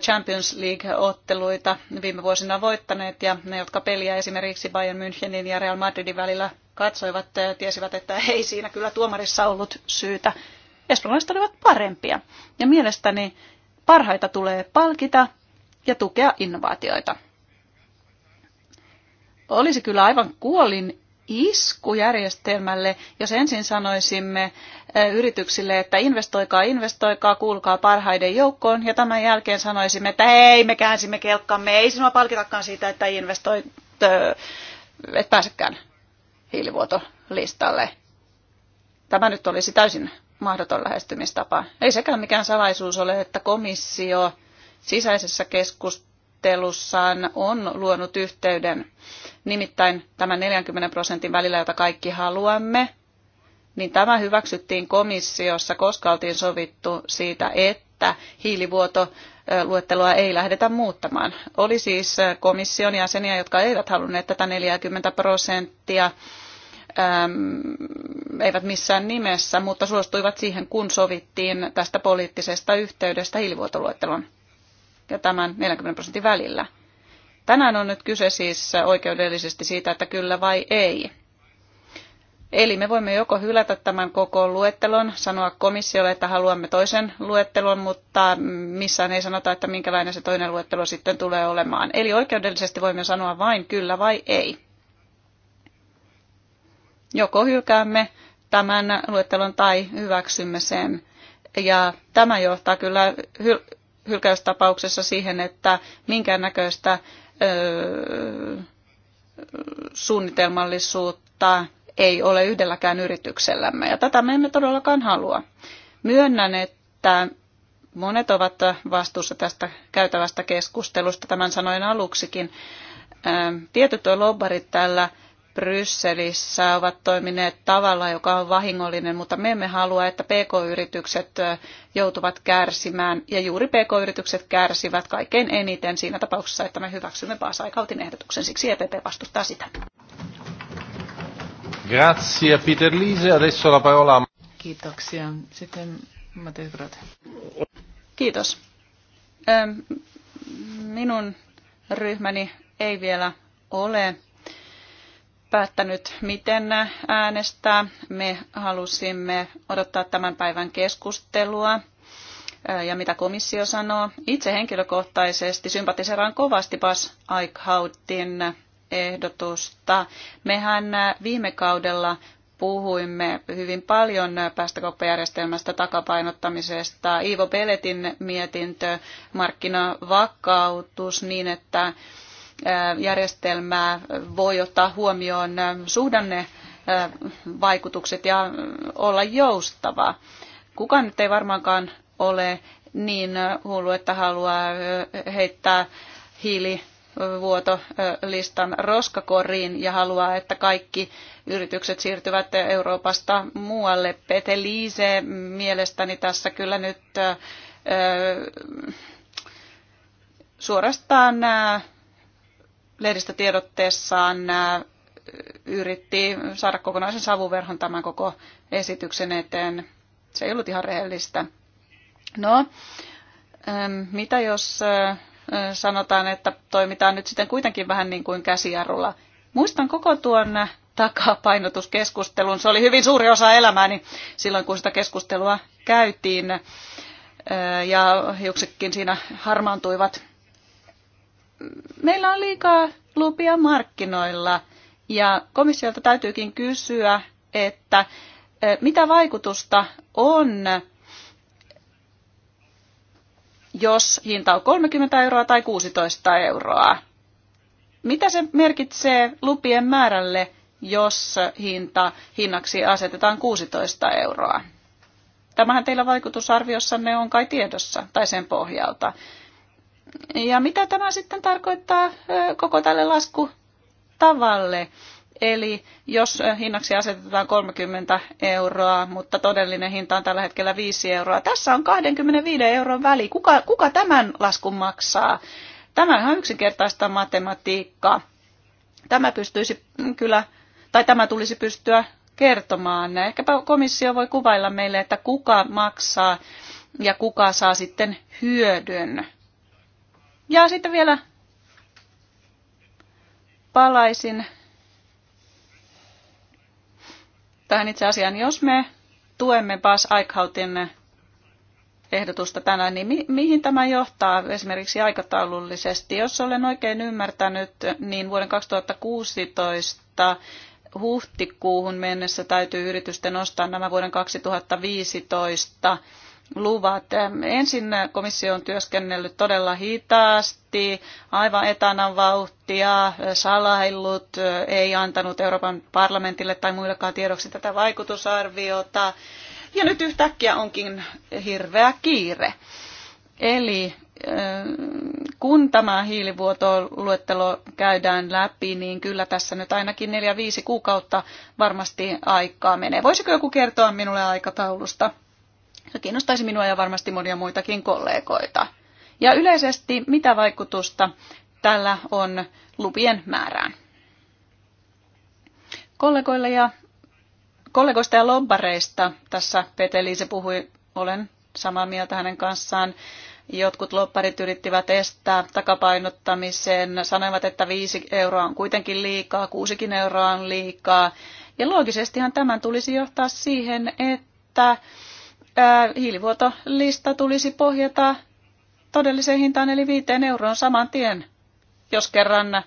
Champions League-otteluita viime vuosina voittaneet ja ne, jotka peliä esimerkiksi Bayern Münchenin ja Real Madridin välillä katsoivat, äh, tiesivät, että ei siinä kyllä tuomarissa ollut syytä. Espanjalaiset olivat parempia ja mielestäni parhaita tulee palkita ja tukea innovaatioita. Olisi kyllä aivan kuolin iskujärjestelmälle, jos ensin sanoisimme eh, yrityksille, että investoikaa, investoikaa, kuulkaa parhaiden joukkoon, ja tämän jälkeen sanoisimme, että ei me käänsimme kelkkamme, ei sinua palkitakaan siitä, että investoit, eh, et pääsekään hiilivuotolistalle. Tämä nyt olisi täysin mahdoton lähestymistapa. Ei sekään mikään salaisuus ole, että komissio sisäisessä keskustelussa suunnittelussaan on luonut yhteyden nimittäin tämän 40 prosentin välillä, jota kaikki haluamme, niin tämä hyväksyttiin komissiossa, koska oltiin sovittu siitä, että hiilivuoto luettelua ei lähdetä muuttamaan. Oli siis komission jäseniä, jotka eivät halunneet tätä 40 prosenttia, eivät missään nimessä, mutta suostuivat siihen, kun sovittiin tästä poliittisesta yhteydestä hiilivuotoluettelon ja tämän 40 prosentin välillä. Tänään on nyt kyse siis oikeudellisesti siitä, että kyllä vai ei. Eli me voimme joko hylätä tämän koko luettelon, sanoa komissiolle, että haluamme toisen luettelon, mutta missään ei sanota, että minkälainen se toinen luettelo sitten tulee olemaan. Eli oikeudellisesti voimme sanoa vain kyllä vai ei. Joko hylkäämme tämän luettelon tai hyväksymme sen. Ja tämä johtaa kyllä hylkäystapauksessa siihen, että minkäännäköistä öö, suunnitelmallisuutta ei ole yhdelläkään yrityksellämme, ja tätä me emme todellakaan halua. Myönnän, että monet ovat vastuussa tästä käytävästä keskustelusta, tämän sanoin aluksikin. Tietyt lobbarit täällä Brysselissä ovat toimineet tavalla, joka on vahingollinen, mutta me emme halua, että pk-yritykset joutuvat kärsimään, ja juuri pk-yritykset kärsivät kaikkein eniten siinä tapauksessa, että me hyväksymme Paasa-Aikautin ehdotuksen. Siksi EPP vastustaa sitä. Grazie Peter Liese. Adesso la parola... Kiitoksia. Sitten Matias Grote. Kiitos. Minun ryhmäni ei vielä ole päättänyt, miten äänestää. Me halusimme odottaa tämän päivän keskustelua ja mitä komissio sanoo. Itse henkilökohtaisesti sympatiseraan kovasti Bas Eichhautin ehdotusta. Mehän viime kaudella puhuimme hyvin paljon päästökauppajärjestelmästä takapainottamisesta. Iivo Peletin mietintö, markkinavakautus niin, että järjestelmää voi ottaa huomioon suhdanne vaikutukset ja olla joustava. Kukaan nyt ei varmaankaan ole niin hullu, että haluaa heittää hiili vuotolistan roskakoriin ja haluaa, että kaikki yritykset siirtyvät Euroopasta muualle. Pete Liise mielestäni tässä kyllä nyt suorastaan lehdistötiedotteessaan äh, yritti saada kokonaisen savuverhon tämän koko esityksen eteen. Se ei ollut ihan rehellistä. No, ähm, mitä jos äh, sanotaan, että toimitaan nyt sitten kuitenkin vähän niin kuin käsijarrulla. Muistan koko tuon takapainotuskeskustelun. Se oli hyvin suuri osa elämääni silloin, kun sitä keskustelua käytiin. Äh, ja hiuksetkin siinä harmaantuivat meillä on liikaa lupia markkinoilla ja komissiolta täytyykin kysyä, että mitä vaikutusta on, jos hinta on 30 euroa tai 16 euroa? Mitä se merkitsee lupien määrälle, jos hinta hinnaksi asetetaan 16 euroa? Tämähän teillä vaikutusarviossanne on kai tiedossa tai sen pohjalta. Ja mitä tämä sitten tarkoittaa koko tälle laskutavalle? Eli jos hinnaksi asetetaan 30 euroa, mutta todellinen hinta on tällä hetkellä 5 euroa. Tässä on 25 euron väli. Kuka, kuka tämän laskun maksaa? Tämä on ihan yksinkertaista matematiikkaa. Tämä pystyisi mm, kyllä, tai tämä tulisi pystyä kertomaan. Ehkäpä komissio voi kuvailla meille, että kuka maksaa ja kuka saa sitten hyödyn ja sitten vielä palaisin tähän itse asiaan. Jos me tuemme Bas Eichhautin ehdotusta tänään, niin mi- mihin tämä johtaa esimerkiksi aikataulullisesti? Jos olen oikein ymmärtänyt, niin vuoden 2016 huhtikuuhun mennessä täytyy yritysten ostaa nämä vuoden 2015 luvat. Ensin komissio on työskennellyt todella hitaasti, aivan etanan vauhtia, salaillut, ei antanut Euroopan parlamentille tai muillekaan tiedoksi tätä vaikutusarviota. Ja nyt yhtäkkiä onkin hirveä kiire. Eli eh, kun tämä hiilivuotoluettelo käydään läpi, niin kyllä tässä nyt ainakin 4-5 kuukautta varmasti aikaa menee. Voisiko joku kertoa minulle aikataulusta? Se kiinnostaisi minua ja varmasti monia muitakin kollegoita. Ja yleisesti, mitä vaikutusta tällä on lupien määrään? Kollegoille ja, kollegoista ja lobbareista tässä Pete Liise puhui, olen samaa mieltä hänen kanssaan. Jotkut lopparit yrittivät estää takapainottamisen, sanoivat, että 5 euroa on kuitenkin liikaa, 6 euroa on liikaa. Ja loogisestihan tämän tulisi johtaa siihen, että hiilivuotolista tulisi pohjata todelliseen hintaan eli viiteen euroon saman tien, jos kerran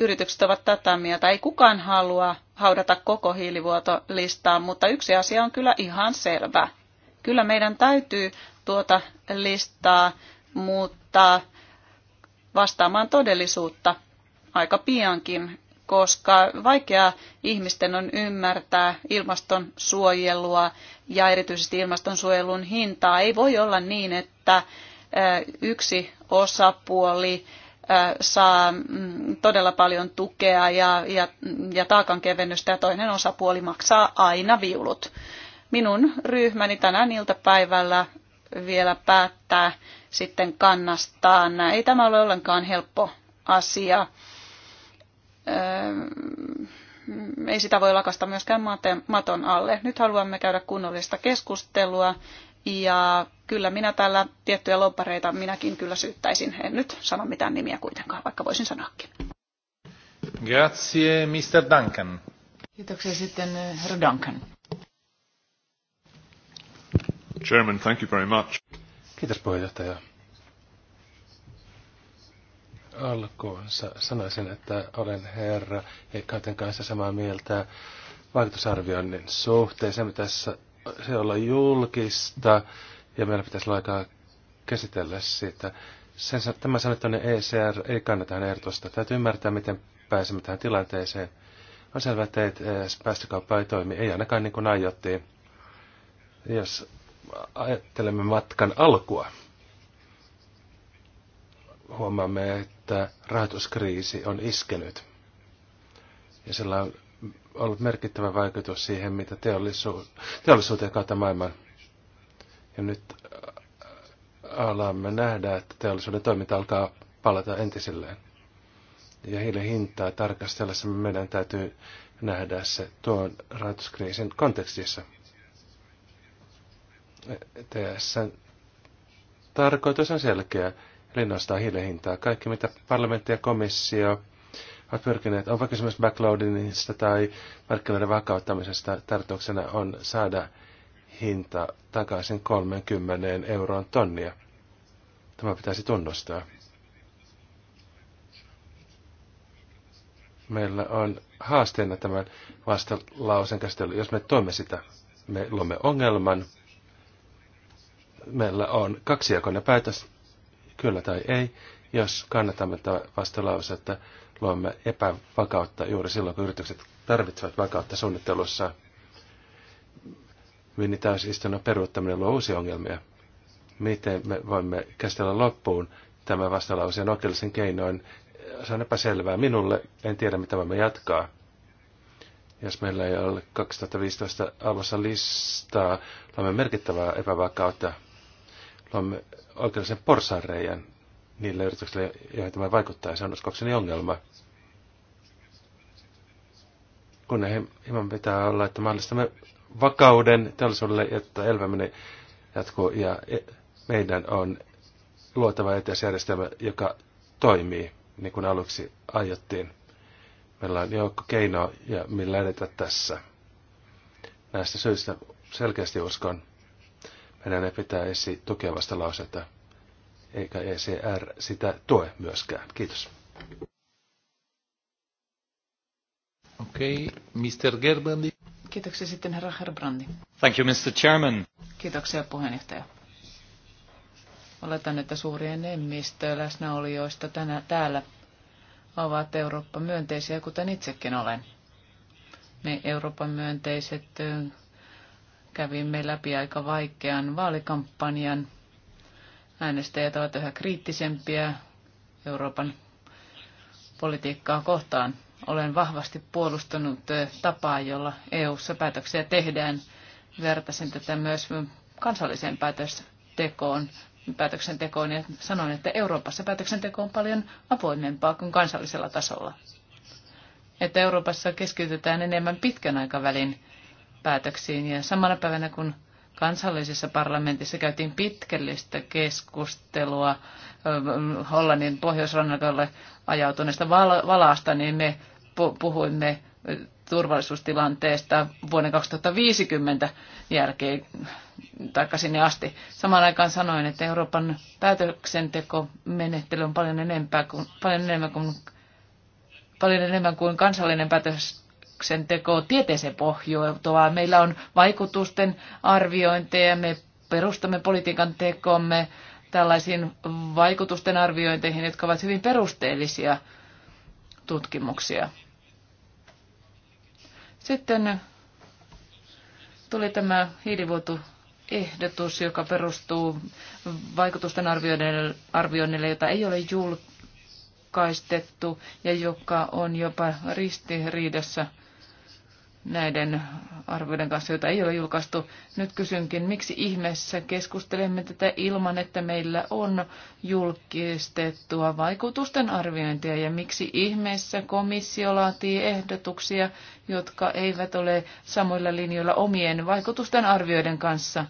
yritykset ovat tätä mieltä. Ei kukaan halua haudata koko hiilivuotolistaa, mutta yksi asia on kyllä ihan selvä. Kyllä meidän täytyy tuota listaa muuttaa vastaamaan todellisuutta aika piankin koska vaikea ihmisten on ymmärtää ilmastonsuojelua ja erityisesti ilmastonsuojelun hintaa. Ei voi olla niin, että yksi osapuoli saa mm, todella paljon tukea ja, ja, ja taakankevennystä ja toinen osapuoli maksaa aina viulut. Minun ryhmäni tänään iltapäivällä vielä päättää sitten kannastaan. Ei tämä ole ollenkaan helppo asia ei sitä voi lakasta myöskään maton alle. Nyt haluamme käydä kunnollista keskustelua ja kyllä minä täällä tiettyjä loppareita minäkin kyllä syyttäisin. En nyt sano mitään nimiä kuitenkaan, vaikka voisin sanoakin. Grazie, Mr. Duncan. Kiitoksia sitten eh, herra Duncan. Chairman, thank you very much. Kiitos puheenjohtaja alkuun sanoisin, että olen herra Heikkaiden kanssa samaa mieltä vaikutusarvioinnin suhteen. Se pitäisi se olla julkista ja meillä pitäisi olla aikaa käsitellä sitä. Sen, tämä sanottuna ECR ei kannata tähän ehdotusta. Täytyy ymmärtää, miten pääsemme tähän tilanteeseen. On selvää, että e päästökauppa ei toimi, ei ainakaan niin kuin aiottiin. Jos ajattelemme matkan alkua, huomaamme, että että rahoituskriisi on iskenyt. Ja sillä on ollut merkittävä vaikutus siihen, mitä teollisu- teollisuuteen kautta maailman. Ja nyt äh, alamme nähdä, että teollisuuden toiminta alkaa palata entisilleen. Ja hiilen hintaa tarkastellessa meidän täytyy nähdä se tuon rahoituskriisin kontekstissa. ETSn e tarkoitus on selkeä rinnastaa hiilehintaa. Kaikki, mitä parlamentti ja komissio ovat pyrkineet, on vaikka esimerkiksi backloadingista tai markkinoiden vakauttamisesta, tarkoituksena on saada hinta takaisin 30 euroon tonnia. Tämä pitäisi tunnustaa. Meillä on haasteena tämän vastalausen käsittely. Jos me toimme sitä, me luomme ongelman. Meillä on kaksijakoinen päätös kyllä tai ei. Jos kannatamme vastalausetta, luomme epävakautta juuri silloin, kun yritykset tarvitsevat vakautta suunnittelussa. Minitäysistunnon peruuttaminen luo uusia ongelmia. Miten me voimme käsitellä loppuun tämä vastalauseen oikeellisen keinoin? Se on epäselvää minulle. En tiedä, mitä voimme jatkaa jos meillä ei ole 2015 alussa listaa, olemme merkittävää epävakautta luomme oikeudellisen porsareijan niille yrityksille, joihin tämä vaikuttaa. Se on uskokseni ongelma. Kun hieman pitää olla, että mahdollistamme vakauden teollisuudelle, jotta elväminen jatkuu ja e, meidän on luotava etäisjärjestelmä, joka toimii, niin kuin aluksi aiottiin. Meillä on joukko keinoa, ja millä edetä tässä. Näistä syistä selkeästi uskon, meidän ei esi tukea vasta lausetta, eikä ECR sitä tue myöskään. Kiitos. Okei, okay. Mr. Gerbrandi. Kiitoksia sitten herra Gerbrandi. Thank you, Mr. Chairman. Kiitoksia puheenjohtaja. Oletan, että suuri enemmistö läsnäolijoista tänä, täällä ovat Eurooppa myönteisiä, kuten itsekin olen. Me Euroopan myönteiset kävimme läpi aika vaikean vaalikampanjan. Äänestäjät ovat yhä kriittisempiä Euroopan politiikkaa kohtaan. Olen vahvasti puolustanut tapaa, jolla EU-ssa päätöksiä tehdään. Vertasin tätä myös kansalliseen päätöstekoon, päätöksentekoon ja sanon, että Euroopassa päätöksenteko on paljon avoimempaa kuin kansallisella tasolla. Että Euroopassa keskitytään enemmän pitkän aikavälin päätöksiin. Ja samana päivänä, kun kansallisessa parlamentissa käytiin pitkällistä keskustelua Hollannin pohjoisrannakalle ajautuneesta valaasta, niin me puhuimme turvallisuustilanteesta vuoden 2050 jälkeen taikka sinne asti. Samaan aikaan sanoin, että Euroopan päätöksentekomenettely on paljon enempää kuin, paljon enemmän kuin, paljon enemmän kuin kansallinen päätös, päätöksenteko tieteeseen pohjautuvaa. Meillä on vaikutusten arviointeja, me perustamme politiikan tekomme tällaisiin vaikutusten arviointeihin, jotka ovat hyvin perusteellisia tutkimuksia. Sitten tuli tämä hiilivuotu ehdotus, joka perustuu vaikutusten arvioinnille, jota ei ole julkaistettu ja joka on jopa ristiriidassa – näiden arvioiden kanssa, joita ei ole julkaistu. Nyt kysynkin, miksi ihmeessä keskustelemme tätä ilman, että meillä on julkistettua vaikutusten arviointia ja miksi ihmeessä komissio laatii ehdotuksia, jotka eivät ole samoilla linjoilla omien vaikutusten arvioiden kanssa.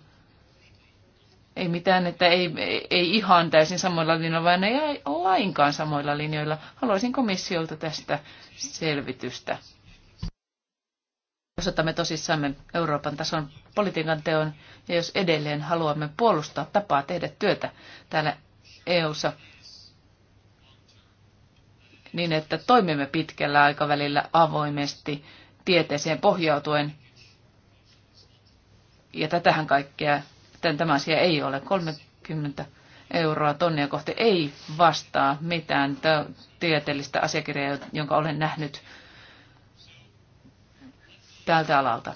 Ei mitään, että ei, ei ihan täysin samoilla linjoilla, vaan ei lainkaan samoilla linjoilla. Haluaisin komissiolta tästä selvitystä jos otamme tosissamme Euroopan tason politiikan teon ja jos edelleen haluamme puolustaa tapaa tehdä työtä täällä EU:ssa niin, että toimimme pitkällä aikavälillä avoimesti tieteeseen pohjautuen. Ja tätähän kaikkea, tämän, tämä asia ei ole. 30 euroa tonnia kohti ei vastaa mitään tieteellistä asiakirjaa, jonka olen nähnyt tältä alalta.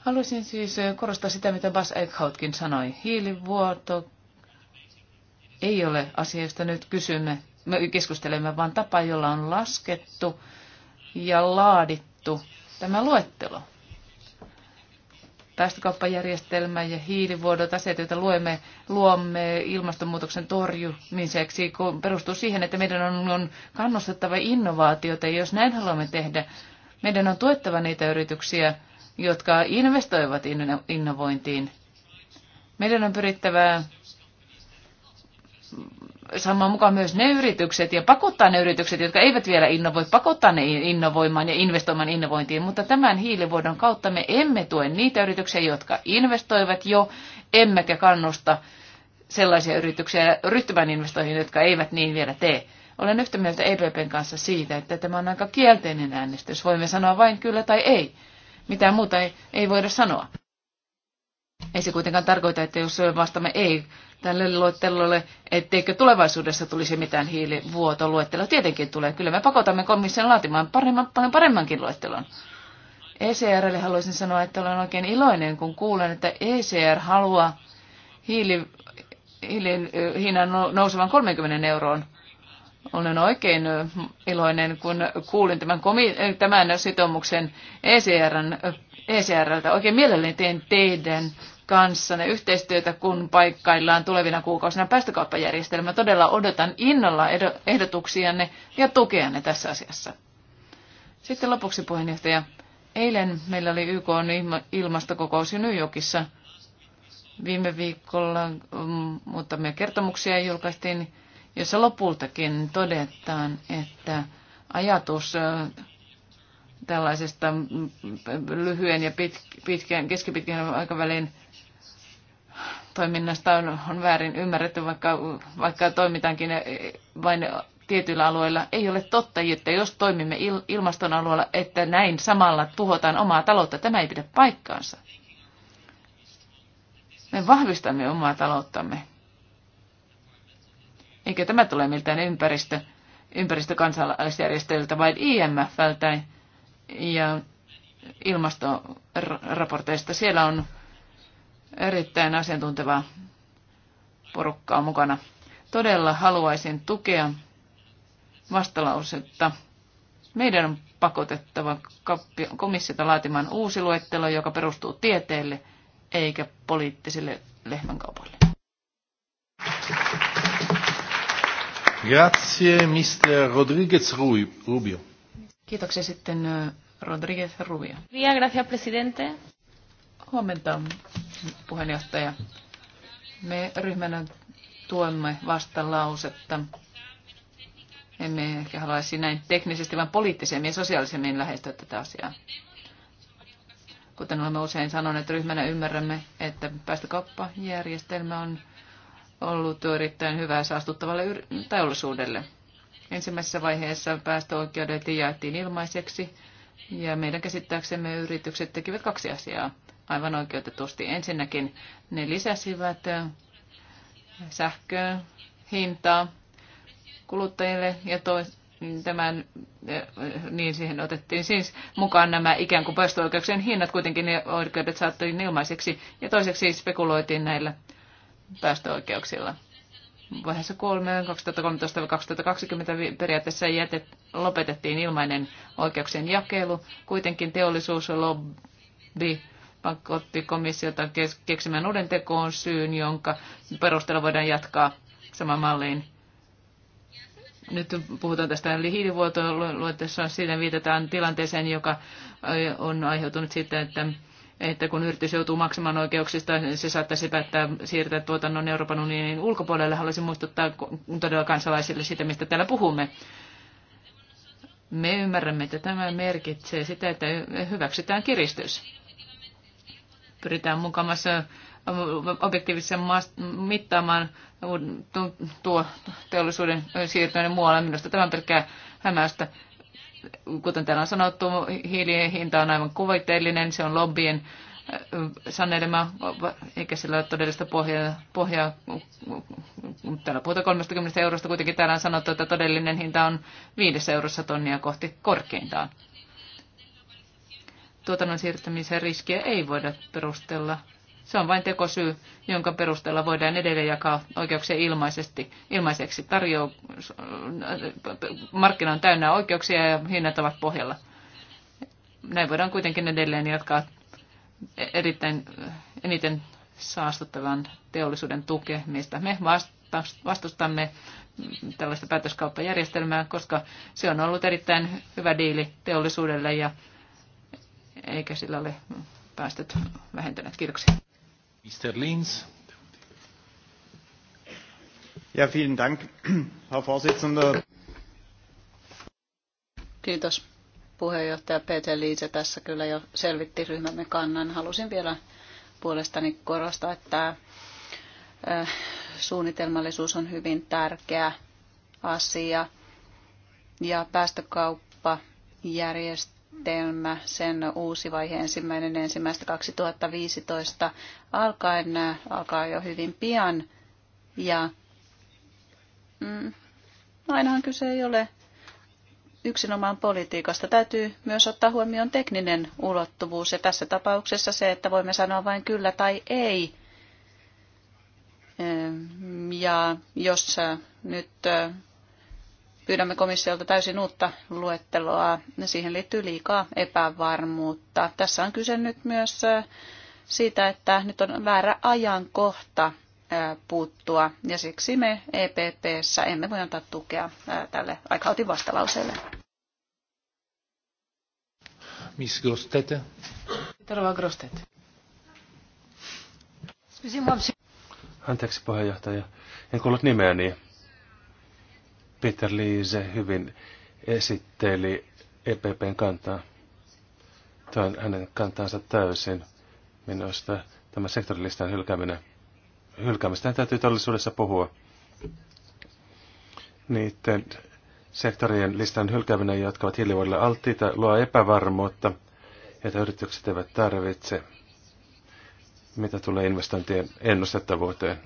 Haluaisin siis korostaa sitä, mitä Bas Eichhoutkin sanoi. Hiilivuoto ei ole asia, josta nyt kysymme, me keskustelemme, vaan tapa, jolla on laskettu ja laadittu tämä luettelo. Päästökauppajärjestelmä ja hiilivuodot, asiat, joita luemme, luomme ilmastonmuutoksen torjumiseksi, perustuu siihen, että meidän on, on kannustettava innovaatiota. Ja jos näin haluamme tehdä, meidän on tuettava niitä yrityksiä, jotka investoivat innovointiin. Meidän on pyrittävä saamaan mukaan myös ne yritykset ja pakottaa ne yritykset, jotka eivät vielä innovoi, pakottaa ne innovoimaan ja investoimaan innovointiin, mutta tämän hiilivuodon kautta me emme tue niitä yrityksiä, jotka investoivat jo, emmekä kannusta sellaisia yrityksiä ryhtymään investoihin, jotka eivät niin vielä tee. Olen yhtä mieltä EPPn kanssa siitä, että tämä on aika kielteinen äänestys. Voimme sanoa vain kyllä tai ei. Mitään muuta ei, ei voida sanoa. Ei se kuitenkaan tarkoita, että jos vastaamme ei tälle luettelolle, etteikö tulevaisuudessa tulisi mitään hiilivuotoluettelua. Tietenkin tulee. Kyllä me pakotamme komission laatimaan paremman, paljon paremmankin luettelon. ECRlle haluaisin sanoa, että olen oikein iloinen, kun kuulen, että ECR haluaa hiili, hiilin hinnan nousevan 30 euroon. Olen oikein iloinen, kun kuulin tämän, komi- tämän sitoumuksen ECRn, ECRltä. Oikein mielelläni teen teidän ne yhteistyötä, kun paikkaillaan tulevina kuukausina päästökauppajärjestelmä. Todella odotan innolla ehdotuksianne ja tukeanne tässä asiassa. Sitten lopuksi puheenjohtaja. Eilen meillä oli YK ilmastokokous New Yorkissa. Viime viikolla mm, mutta meidän kertomuksia julkaistiin jossa lopultakin todetaan, että ajatus tällaisesta lyhyen ja pitkän, keskipitkän aikavälin toiminnasta on, on väärin ymmärretty, vaikka, vaikka toimitaankin vain tietyillä alueilla. Ei ole totta, että jos toimimme il, ilmaston alueella, että näin samalla tuhotaan omaa taloutta. Tämä ei pidä paikkaansa. Me vahvistamme omaa talouttamme. Eikä tämä tule miltään ympäristö, ympäristökansalaisjärjestöiltä, vaan IMFltä ja ilmastoraporteista. Siellä on erittäin asiantuntevaa porukkaa mukana. Todella haluaisin tukea vastalausetta. Meidän on pakotettava komissiota laatimaan uusi luettelo, joka perustuu tieteelle eikä poliittisille lehmänkaupalle. Kiitoksia sitten Rodriguez Rubio. Ria, gracias, presidente. Huomenta, puheenjohtaja. Me ryhmänä tuemme vastalausetta. Emme ehkä haluaisi näin teknisesti, vaan poliittisemmin ja sosiaalisemmin lähestyä tätä asiaa. Kuten olemme usein sanoneet, ryhmänä ymmärrämme, että päästökauppajärjestelmä on ollut erittäin hyvää saastuttavalle teollisuudelle. Ensimmäisessä vaiheessa päästöoikeudet jaettiin ilmaiseksi ja meidän käsittääksemme yritykset tekivät kaksi asiaa aivan oikeutetusti. Ensinnäkin ne lisäsivät sähköä, hintaa kuluttajille ja tois, tämän, niin siihen otettiin siis mukaan nämä ikään kuin päästöoikeuksien hinnat, kuitenkin ne oikeudet saattoi ilmaiseksi ja toiseksi spekuloitiin näillä päästöoikeuksilla. Vaiheessa 3, 2013-2020 periaatteessa jätet, lopetettiin ilmainen oikeuksien jakelu. Kuitenkin teollisuuslobby pakotti komissiota keksimään uuden tekoon syyn, jonka perusteella voidaan jatkaa samaan malliin nyt puhutaan tästä hiilivuotoluetteessa, siinä viitataan tilanteeseen, joka on aiheutunut siitä, että että kun yritys joutuu maksamaan oikeuksista, se saattaisi päättää siirtää tuotannon Euroopan unionin ulkopuolelle. Haluaisin muistuttaa todella kansalaisille sitä, mistä täällä puhumme. Me ymmärrämme, että tämä merkitsee sitä, että hyväksytään kiristys. Pyritään mukamassa objektiivisen mittaamaan tuo teollisuuden siirtyminen muualle. Minusta tämä on pelkkää hämäystä kuten täällä on sanottu, hiilien hinta on aivan kuvitteellinen, se on lobbyin äh, sanelema, eikä sillä ole todellista pohjaa. pohjaa. Täällä puhutaan 30 eurosta, kuitenkin täällä on sanottu, että todellinen hinta on 5 eurossa tonnia kohti korkeintaan. Tuotannon siirtämisen riskiä ei voida perustella se on vain tekosyy, jonka perusteella voidaan edelleen jakaa oikeuksia ilmaisesti, ilmaiseksi. Tarjou, markkina on täynnä oikeuksia ja hinnat ovat pohjalla. Näin voidaan kuitenkin edelleen jatkaa erittäin eniten saastuttavan teollisuuden tukemista. Me vastustamme tällaista päätöskauppajärjestelmää, koska se on ollut erittäin hyvä diili teollisuudelle ja eikä sillä ole päästöt vähentyneet. Kiitoksia. Mr. Linz. Ja, vielen Dank, Herr Vorsitzender. Kiitos puheenjohtaja Peter Liitse tässä kyllä jo selvitti ryhmämme kannan. Halusin vielä puolestani korostaa, että äh, suunnitelmallisuus on hyvin tärkeä asia ja päästökauppa järjestää määritelmä, sen uusi vaihe ensimmäinen ensimmäistä 2015 alkaen alkaa jo hyvin pian. Ja mm, ainahan kyse ei ole yksinomaan politiikasta. Täytyy myös ottaa huomioon tekninen ulottuvuus ja tässä tapauksessa se, että voimme sanoa vain kyllä tai ei. Ja jos nyt Pyydämme komissiolta täysin uutta luetteloa. Siihen liittyy liikaa epävarmuutta. Tässä on kyse nyt myös siitä, että nyt on väärä ajankohta puuttua ja siksi me EPPssä emme voi antaa tukea tälle aikautin vastalauseelle. Miss Grostete. Tervetuloa Grostete. Anteeksi puheenjohtaja, en kuullut nimeäni. Niin. Peter Liise hyvin esitteli EPPn kantaa. Toin hänen kantaansa täysin minusta tämä sektorilistan hylkääminen. Hylkäämistä täytyy todellisuudessa puhua. Niiden sektorien listan hylkääminen, jotka ovat hiilivuodelle alttiita, luo epävarmuutta, että yritykset eivät tarvitse, mitä tulee investointien ennustettavuuteen.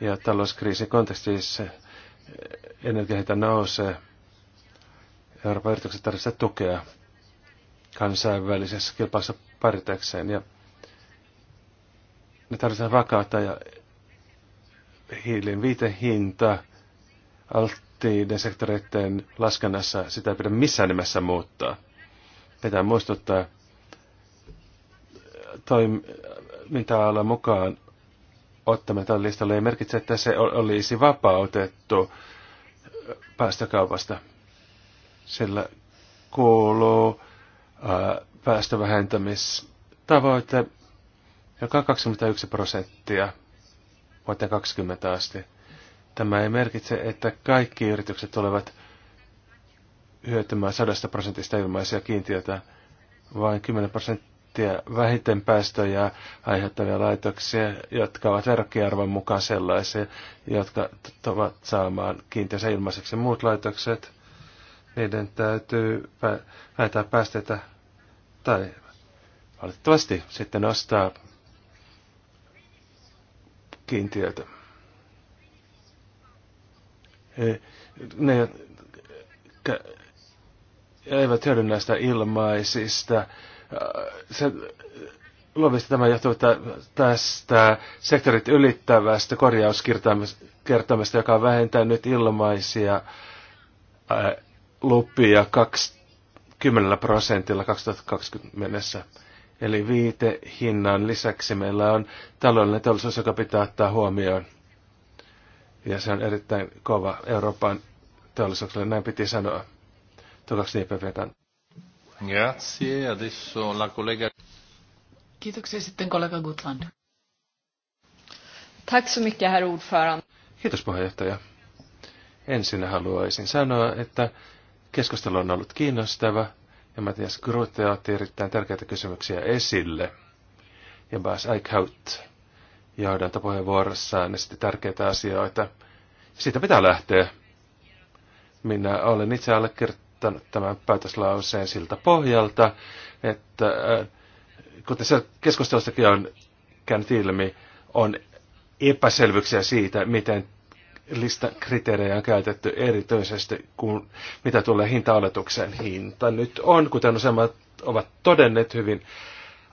Ja talouskriisin kontekstissa energiahinta nousee, Euroopan yritykset tarvitsevat tukea kansainvälisessä kilpailussa pärjätäkseen. Ja ne tarvitsevat vakautta ja hiilin viitehinta alttiiden sektoreiden laskennassa. Sitä ei pidä missään nimessä muuttaa. Pitää muistuttaa toiminta-alan mukaan ottamaton listalle ei merkitse, että se olisi vapautettu päästökaupasta. Sillä kuuluu päästövähentämistavoite, joka on 21 prosenttia vuoteen 20 asti. Tämä ei merkitse, että kaikki yritykset tulevat hyötymään 100 prosentista ilmaisia kiintiötä, vain 10 prosenttia miettiä vähiten päästöjä aiheuttavia laitoksia, jotka ovat verkkiarvon mukaan sellaisia, jotka ovat saamaan kiinteänsä ilmaiseksi muut laitokset. Niiden täytyy vähentää päästöitä tai valitettavasti sitten ostaa kiintiöitä. E, ne eivät hyödy näistä ilmaisista Äh, se, luomista tämä johtuu tästä sektorit ylittävästä korjauskertoimesta, joka on vähentänyt ilmaisia äh, lupia 10 prosentilla 2020 mennessä. Eli viitehinnan lisäksi meillä on taloudellinen teollisuus, joka pitää ottaa huomioon. Ja se on erittäin kova Euroopan teollisuudelle, näin piti sanoa. Tuleeko niin, Grazie. Adesso la collega... Kiitoksia sitten kollega Gutland. Tack så mycket, herr ordförande. Kiitos puheenjohtaja. Ensin haluaisin sanoa, että keskustelu on ollut kiinnostava ja Matias Grote otti erittäin tärkeitä kysymyksiä esille. Ja Bas Eichhout johdantopuheenvuorossaan esitti tärkeitä asioita. Siitä pitää lähteä. Minä olen itse allekirjoittanut kirjoittanut tämän päätöslauseen siltä pohjalta, että äh, kuten se keskustelustakin on käynyt ilmi, on epäselvyyksiä siitä, miten lista kriteerejä on käytetty erityisesti, kun, mitä tulee hintaoletukseen. Hinta nyt on, kuten useimmat ovat todenneet hyvin,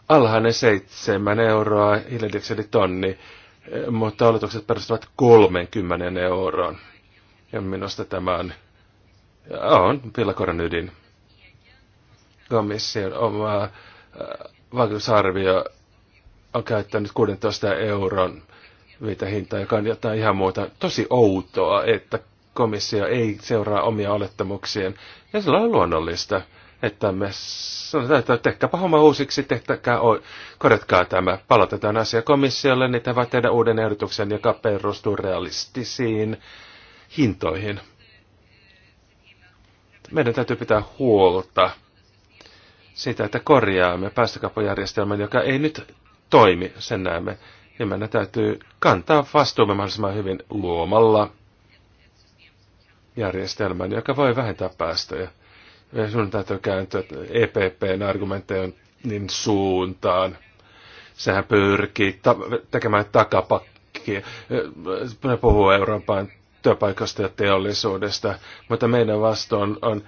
alhainen 7 euroa tonni, äh, mutta oletukset perustuvat 30 euroon. Ja minusta tämä on on pillakoron ydin. Komission oma äh, vaikutusarvio on käyttänyt 16 euron viitehintaa, joka on jotain ihan muuta. Tosi outoa, että komissio ei seuraa omia olettamuksien. Ja sillä on luonnollista, että me sanotaan, että tehkääpä homma uusiksi, tehtäkää, korjatkaa tämä, palautetaan asia komissiolle, niin tämä tehdä uuden ehdotuksen, joka perustuu realistisiin hintoihin meidän täytyy pitää huolta siitä, että korjaamme päästökauppajärjestelmän, joka ei nyt toimi, sen näemme. Niin meidän täytyy kantaa vastuumme mahdollisimman hyvin luomalla järjestelmän, joka voi vähentää päästöjä. Ja sinun täytyy kääntyä EPPn e niin suuntaan. Sehän pyrkii ta- tekemään takapakkia. Ne puhuu Euroopan työpaikasta ja teollisuudesta, mutta meidän vastuun on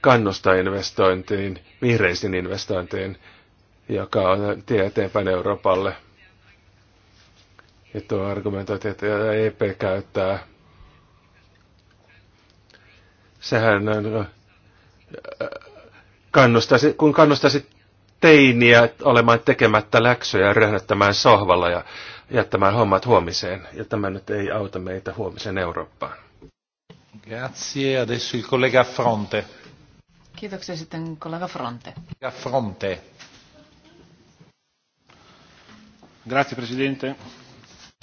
kannustaa investointiin, vihreisiin investointiin, joka on tie eteenpäin Euroopalle. Ja tuo argumentointi, että EP käyttää, sehän on, äh, kannustaisi, kun kannustaisi teiniä olemaan tekemättä läksyjä ja röhnöttämään sohvalla ja jättämään hommat huomiseen. Ja tämä nyt ei auta meitä huomisen Eurooppaan. Grazie. Adesso il collega Fronte. Kiitoksia sitten kollega Fronte. Fronte. Grazie Presidente.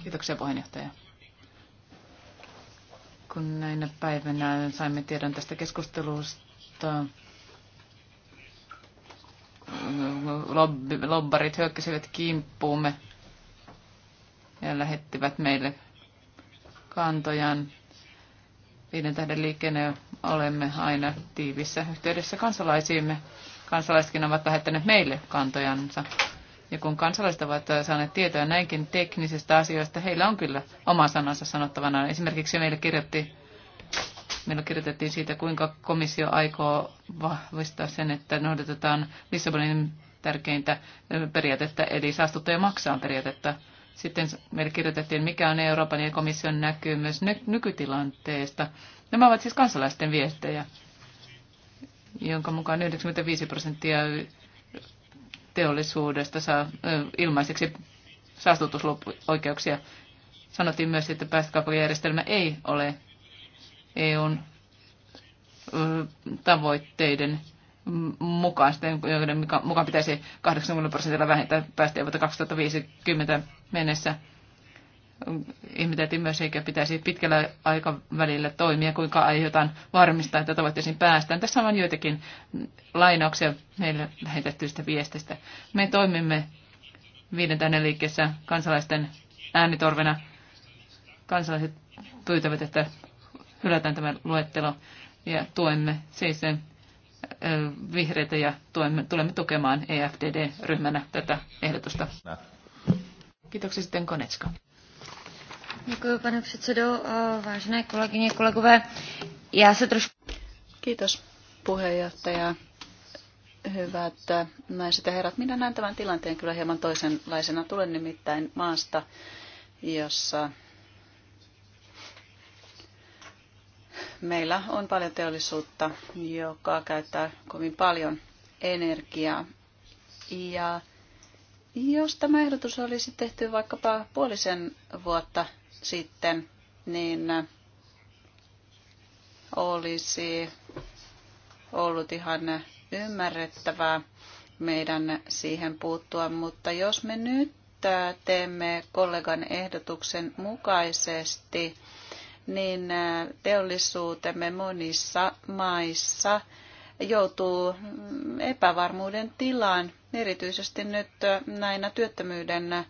Kiitoksia puheenjohtaja. Kun näinä päivänä saimme tiedon tästä keskustelusta, lobbarit hyökkäsivät kimppuumme ja lähettivät meille kantojan. Viiden tähden liikenne olemme aina tiivissä yhteydessä kansalaisiimme. Kansalaisetkin ovat lähettäneet meille kantojansa. Ja kun kansalaiset ovat saaneet tietoa näinkin teknisistä asioista, heillä on kyllä oma sanansa sanottavana. Esimerkiksi meille kirjoitti Meillä kirjoitettiin siitä, kuinka komissio aikoo vahvistaa sen, että noudatetaan Lissabonin tärkeintä periaatetta, eli saastuttaja maksaa periaatetta. Sitten meille kirjoitettiin, mikä on Euroopan ja komission näkymys nykytilanteesta. Nämä ovat siis kansalaisten viestejä, jonka mukaan 95 prosenttia teollisuudesta saa ilmaiseksi saastutusoikeuksia. Sanottiin myös, että päästökauppajärjestelmä ei ole EUn tavoitteiden mukaan, joiden mukaan pitäisi 80 prosentilla vähentää päästöjä vuotta 2050 mennessä. Ihmeteltiin myös, eikä pitäisi pitkällä aikavälillä toimia, kuinka aiotaan varmistaa, että tavoitteisiin päästään. Tässä on vain joitakin lainauksia meille lähetettyistä viestistä. Me toimimme viidentäinen liikkeessä kansalaisten äänitorvena. Kansalaiset pyytävät, että hylätään tämä luettelo ja tuemme siis sen vihreitä ja tuemme, tulemme tukemaan EFDD-ryhmänä tätä ehdotusta. Kiitoksia sitten Konecka. Děkuji, pane předsedo. Vážené kolegyně, kolegové, já se trošku... Kiitos, puheenjohtaja. Hyvät naiset ja herrat, minä näen tämän tilanteen kyllä hieman toisenlaisena. Tulen nimittäin maasta, jossa meillä on paljon teollisuutta, joka käyttää kovin paljon energiaa. Ja jos tämä ehdotus olisi tehty vaikkapa puolisen vuotta sitten, niin olisi ollut ihan ymmärrettävää meidän siihen puuttua, mutta jos me nyt teemme kollegan ehdotuksen mukaisesti niin äh, teollisuutemme monissa maissa joutuu mm, epävarmuuden tilaan, erityisesti nyt äh, näinä työttömyyden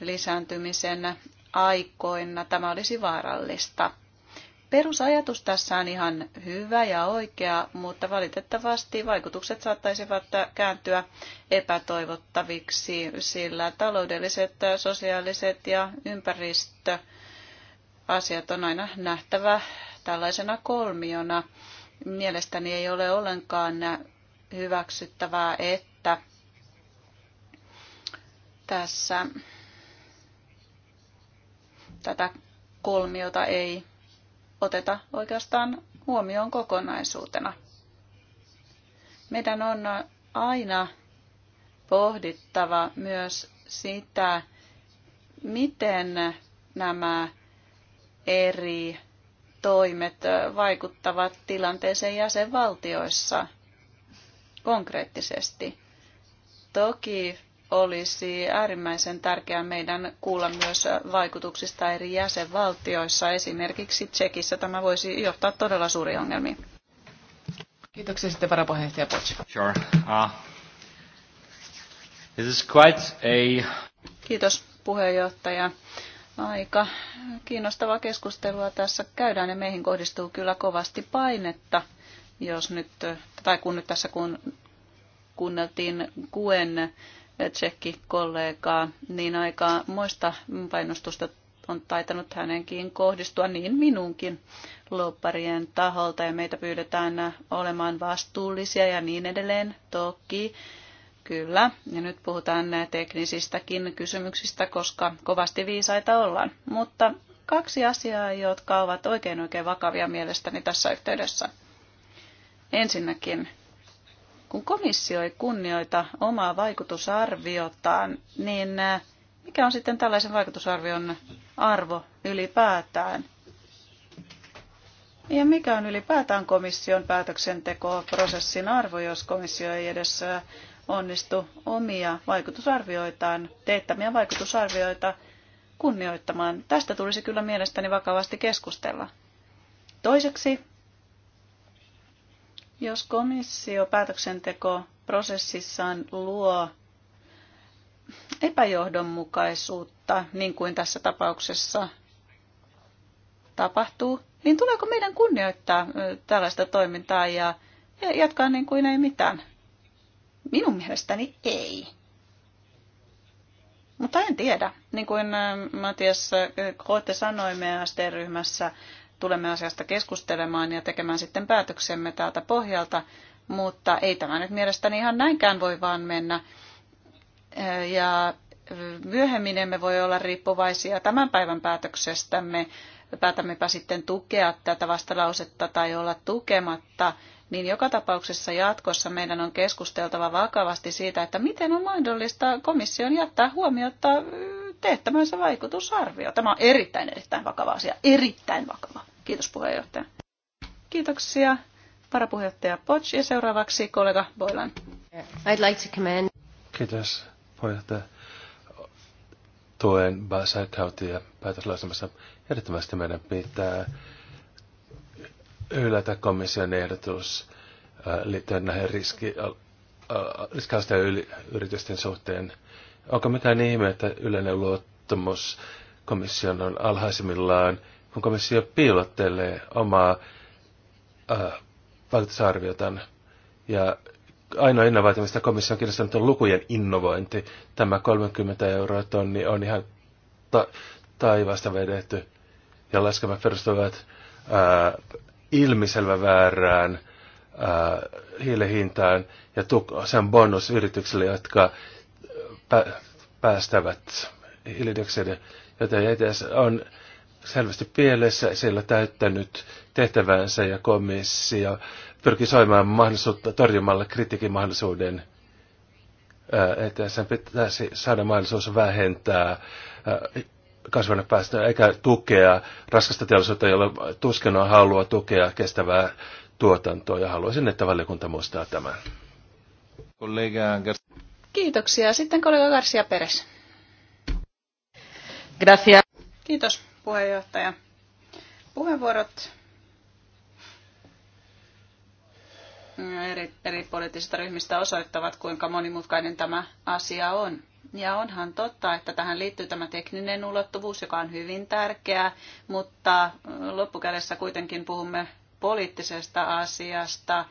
lisääntymisen aikoina. Tämä olisi vaarallista. Perusajatus tässä on ihan hyvä ja oikea, mutta valitettavasti vaikutukset saattaisivat kääntyä epätoivottaviksi, sillä taloudelliset, sosiaaliset ja ympäristö asiat on aina nähtävä tällaisena kolmiona. Mielestäni ei ole ollenkaan hyväksyttävää, että tässä tätä kolmiota ei oteta oikeastaan huomioon kokonaisuutena. Meidän on aina pohdittava myös sitä, miten nämä eri toimet vaikuttavat tilanteeseen jäsenvaltioissa konkreettisesti. Toki olisi äärimmäisen tärkeää meidän kuulla myös vaikutuksista eri jäsenvaltioissa. Esimerkiksi Tsekissä tämä voisi johtaa todella suuriin ongelmiin. Kiitoksia sitten varapuheenjohtaja Potsch. Sure. Uh, this is quite a... Kiitos puheenjohtaja. Aika kiinnostavaa keskustelua tässä käydään ja meihin kohdistuu kyllä kovasti painetta, jos nyt, tai kun nyt tässä kun kuunneltiin Kuen eh, tsekki-kollegaa, niin aika moista painostusta on taitanut hänenkin kohdistua niin minunkin lopparien taholta ja meitä pyydetään olemaan vastuullisia ja niin edelleen. Toki Kyllä, ja nyt puhutaan teknisistäkin kysymyksistä, koska kovasti viisaita ollaan. Mutta kaksi asiaa, jotka ovat oikein oikein vakavia mielestäni tässä yhteydessä. Ensinnäkin, kun komissio ei kunnioita omaa vaikutusarviotaan, niin äh, mikä on sitten tällaisen vaikutusarvion arvo ylipäätään? Ja mikä on ylipäätään komission päätöksentekoprosessin arvo, jos komissio ei edes äh, onnistu omia vaikutusarvioitaan, teettämiä vaikutusarvioita kunnioittamaan. Tästä tulisi kyllä mielestäni vakavasti keskustella. Toiseksi, jos komissio päätöksentekoprosessissaan luo epäjohdonmukaisuutta, niin kuin tässä tapauksessa tapahtuu, niin tuleeko meidän kunnioittaa tällaista toimintaa ja jatkaa niin kuin ei mitään? Minun mielestäni ei. Mutta en tiedä. Niin kuin äh, Matias äh, Koitte sanoi, meidän ST-ryhmässä tulemme asiasta keskustelemaan ja tekemään sitten päätöksemme täältä pohjalta, mutta ei tämä nyt mielestäni ihan näinkään voi vaan mennä. Äh, ja myöhemmin emme voi olla riippuvaisia tämän päivän päätöksestämme, päätämmepä sitten tukea tätä vastalausetta tai olla tukematta – niin joka tapauksessa jatkossa meidän on keskusteltava vakavasti siitä, että miten on mahdollista komission jättää huomiota teettämänsä vaikutusarvio. Tämä on erittäin, erittäin vakava asia. Erittäin vakava. Kiitos puheenjohtaja. Kiitoksia varapuheenjohtaja Potsch ja seuraavaksi kollega Boylan. I'd like to commend. Kiitos puheenjohtaja. Tuen Bas ja päätöslausumassa erittäin meidän pitää hylätä komission ehdotus äh, liittyen näihin riski, äh, äh, riskausten yritysten suhteen. Onko mitään ihme, että yleinen luottamus komission on alhaisimmillaan, kun komissio piilottelee omaa vaikutusarviotaan ja ainoa innovaatio, mistä komissio on kiinnostanut, on lukujen innovointi. Tämä 30 euroa tonni on ihan ta- taivaasta vedetty. Ja laskemat perustuvat ää, ilmiselvä väärään äh, hiilen ja tuk- sen bonusyrityksille, yrityksille, jotka pä- päästävät hiilidioksidin, joten ETS on selvästi pielessä, siellä täyttänyt tehtävänsä ja komissio pyrkii soimaan mahdollisuutta torjumalla kritiikin mahdollisuuden, että sen pitäisi saada mahdollisuus vähentää kasvihuonepäästöjä eikä tukea raskasta teollisuutta, jolla tuskin on halua tukea kestävää tuotantoa. Ja haluaisin, että valiokunta muistaa tämän. Kiitoksia. Sitten kollega Garcia Peres. Gracias. Kiitos puheenjohtaja. Puheenvuorot eri, eri poliittisista ryhmistä osoittavat, kuinka monimutkainen tämä asia on. Ja onhan totta, että tähän liittyy tämä tekninen ulottuvuus, joka on hyvin tärkeä, mutta loppukädessä kuitenkin puhumme poliittisesta asiasta.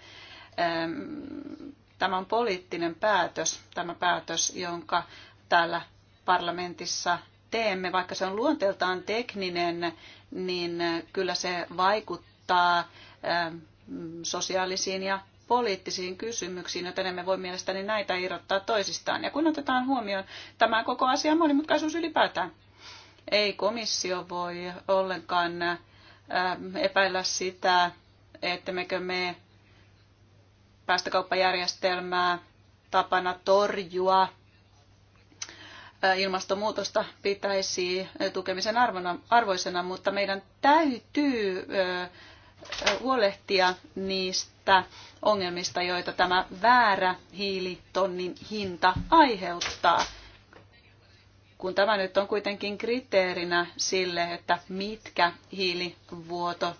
Tämä on poliittinen päätös, tämä päätös, jonka täällä parlamentissa teemme, vaikka se on luonteeltaan tekninen, niin kyllä se vaikuttaa sosiaalisiin ja poliittisiin kysymyksiin, joten emme voi mielestäni näitä irrottaa toisistaan. Ja kun otetaan huomioon tämä koko asia monimutkaisuus ylipäätään, ei komissio voi ollenkaan äh, epäillä sitä, että mekö me päästökauppajärjestelmää tapana torjua äh, ilmastonmuutosta pitäisi tukemisen arvoisena, mutta meidän täytyy äh, huolehtia niistä ongelmista, joita tämä väärä hiilitonnin hinta aiheuttaa. Kun tämä nyt on kuitenkin kriteerinä sille, että mitkä hiilivuoto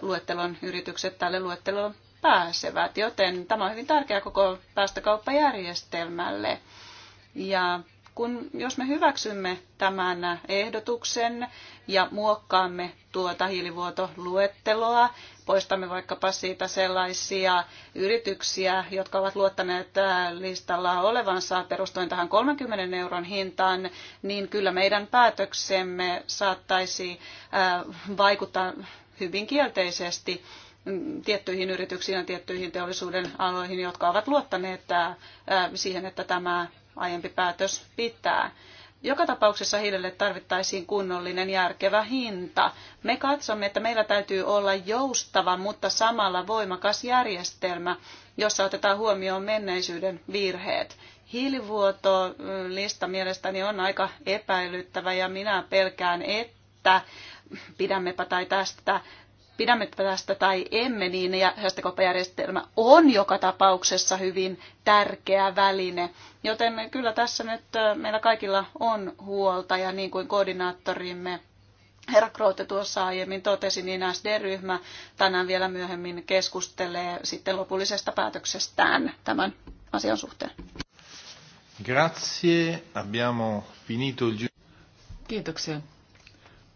luettelon yritykset tälle luettelolle pääsevät, joten tämä on hyvin tärkeä koko päästökauppajärjestelmälle. Ja kun, jos me hyväksymme tämän ehdotuksen ja muokkaamme tuota hiilivuotoluetteloa, poistamme vaikkapa siitä sellaisia yrityksiä, jotka ovat luottaneet äh, listalla olevansa perustuen tähän 30 euron hintaan, niin kyllä meidän päätöksemme saattaisi äh, vaikuttaa hyvin kielteisesti mm, tiettyihin yrityksiin ja tiettyihin teollisuuden aloihin, jotka ovat luottaneet äh, siihen, että tämä aiempi päätös pitää. Joka tapauksessa hiilelle tarvittaisiin kunnollinen järkevä hinta. Me katsomme, että meillä täytyy olla joustava, mutta samalla voimakas järjestelmä, jossa otetaan huomioon menneisyyden virheet. Hiilivuotolista mm, mielestäni on aika epäilyttävä ja minä pelkään, että pidämmepä tai tästä pidämme tästä tai emme, niin säästökauppajärjestelmä on joka tapauksessa hyvin tärkeä väline. Joten kyllä tässä nyt meillä kaikilla on huolta ja niin kuin koordinaattorimme Herra Kroote tuossa aiemmin totesi, niin SD-ryhmä tänään vielä myöhemmin keskustelee sitten lopullisesta päätöksestään tämän asian suhteen. Grazie, abbiamo finito il... Kiitoksia.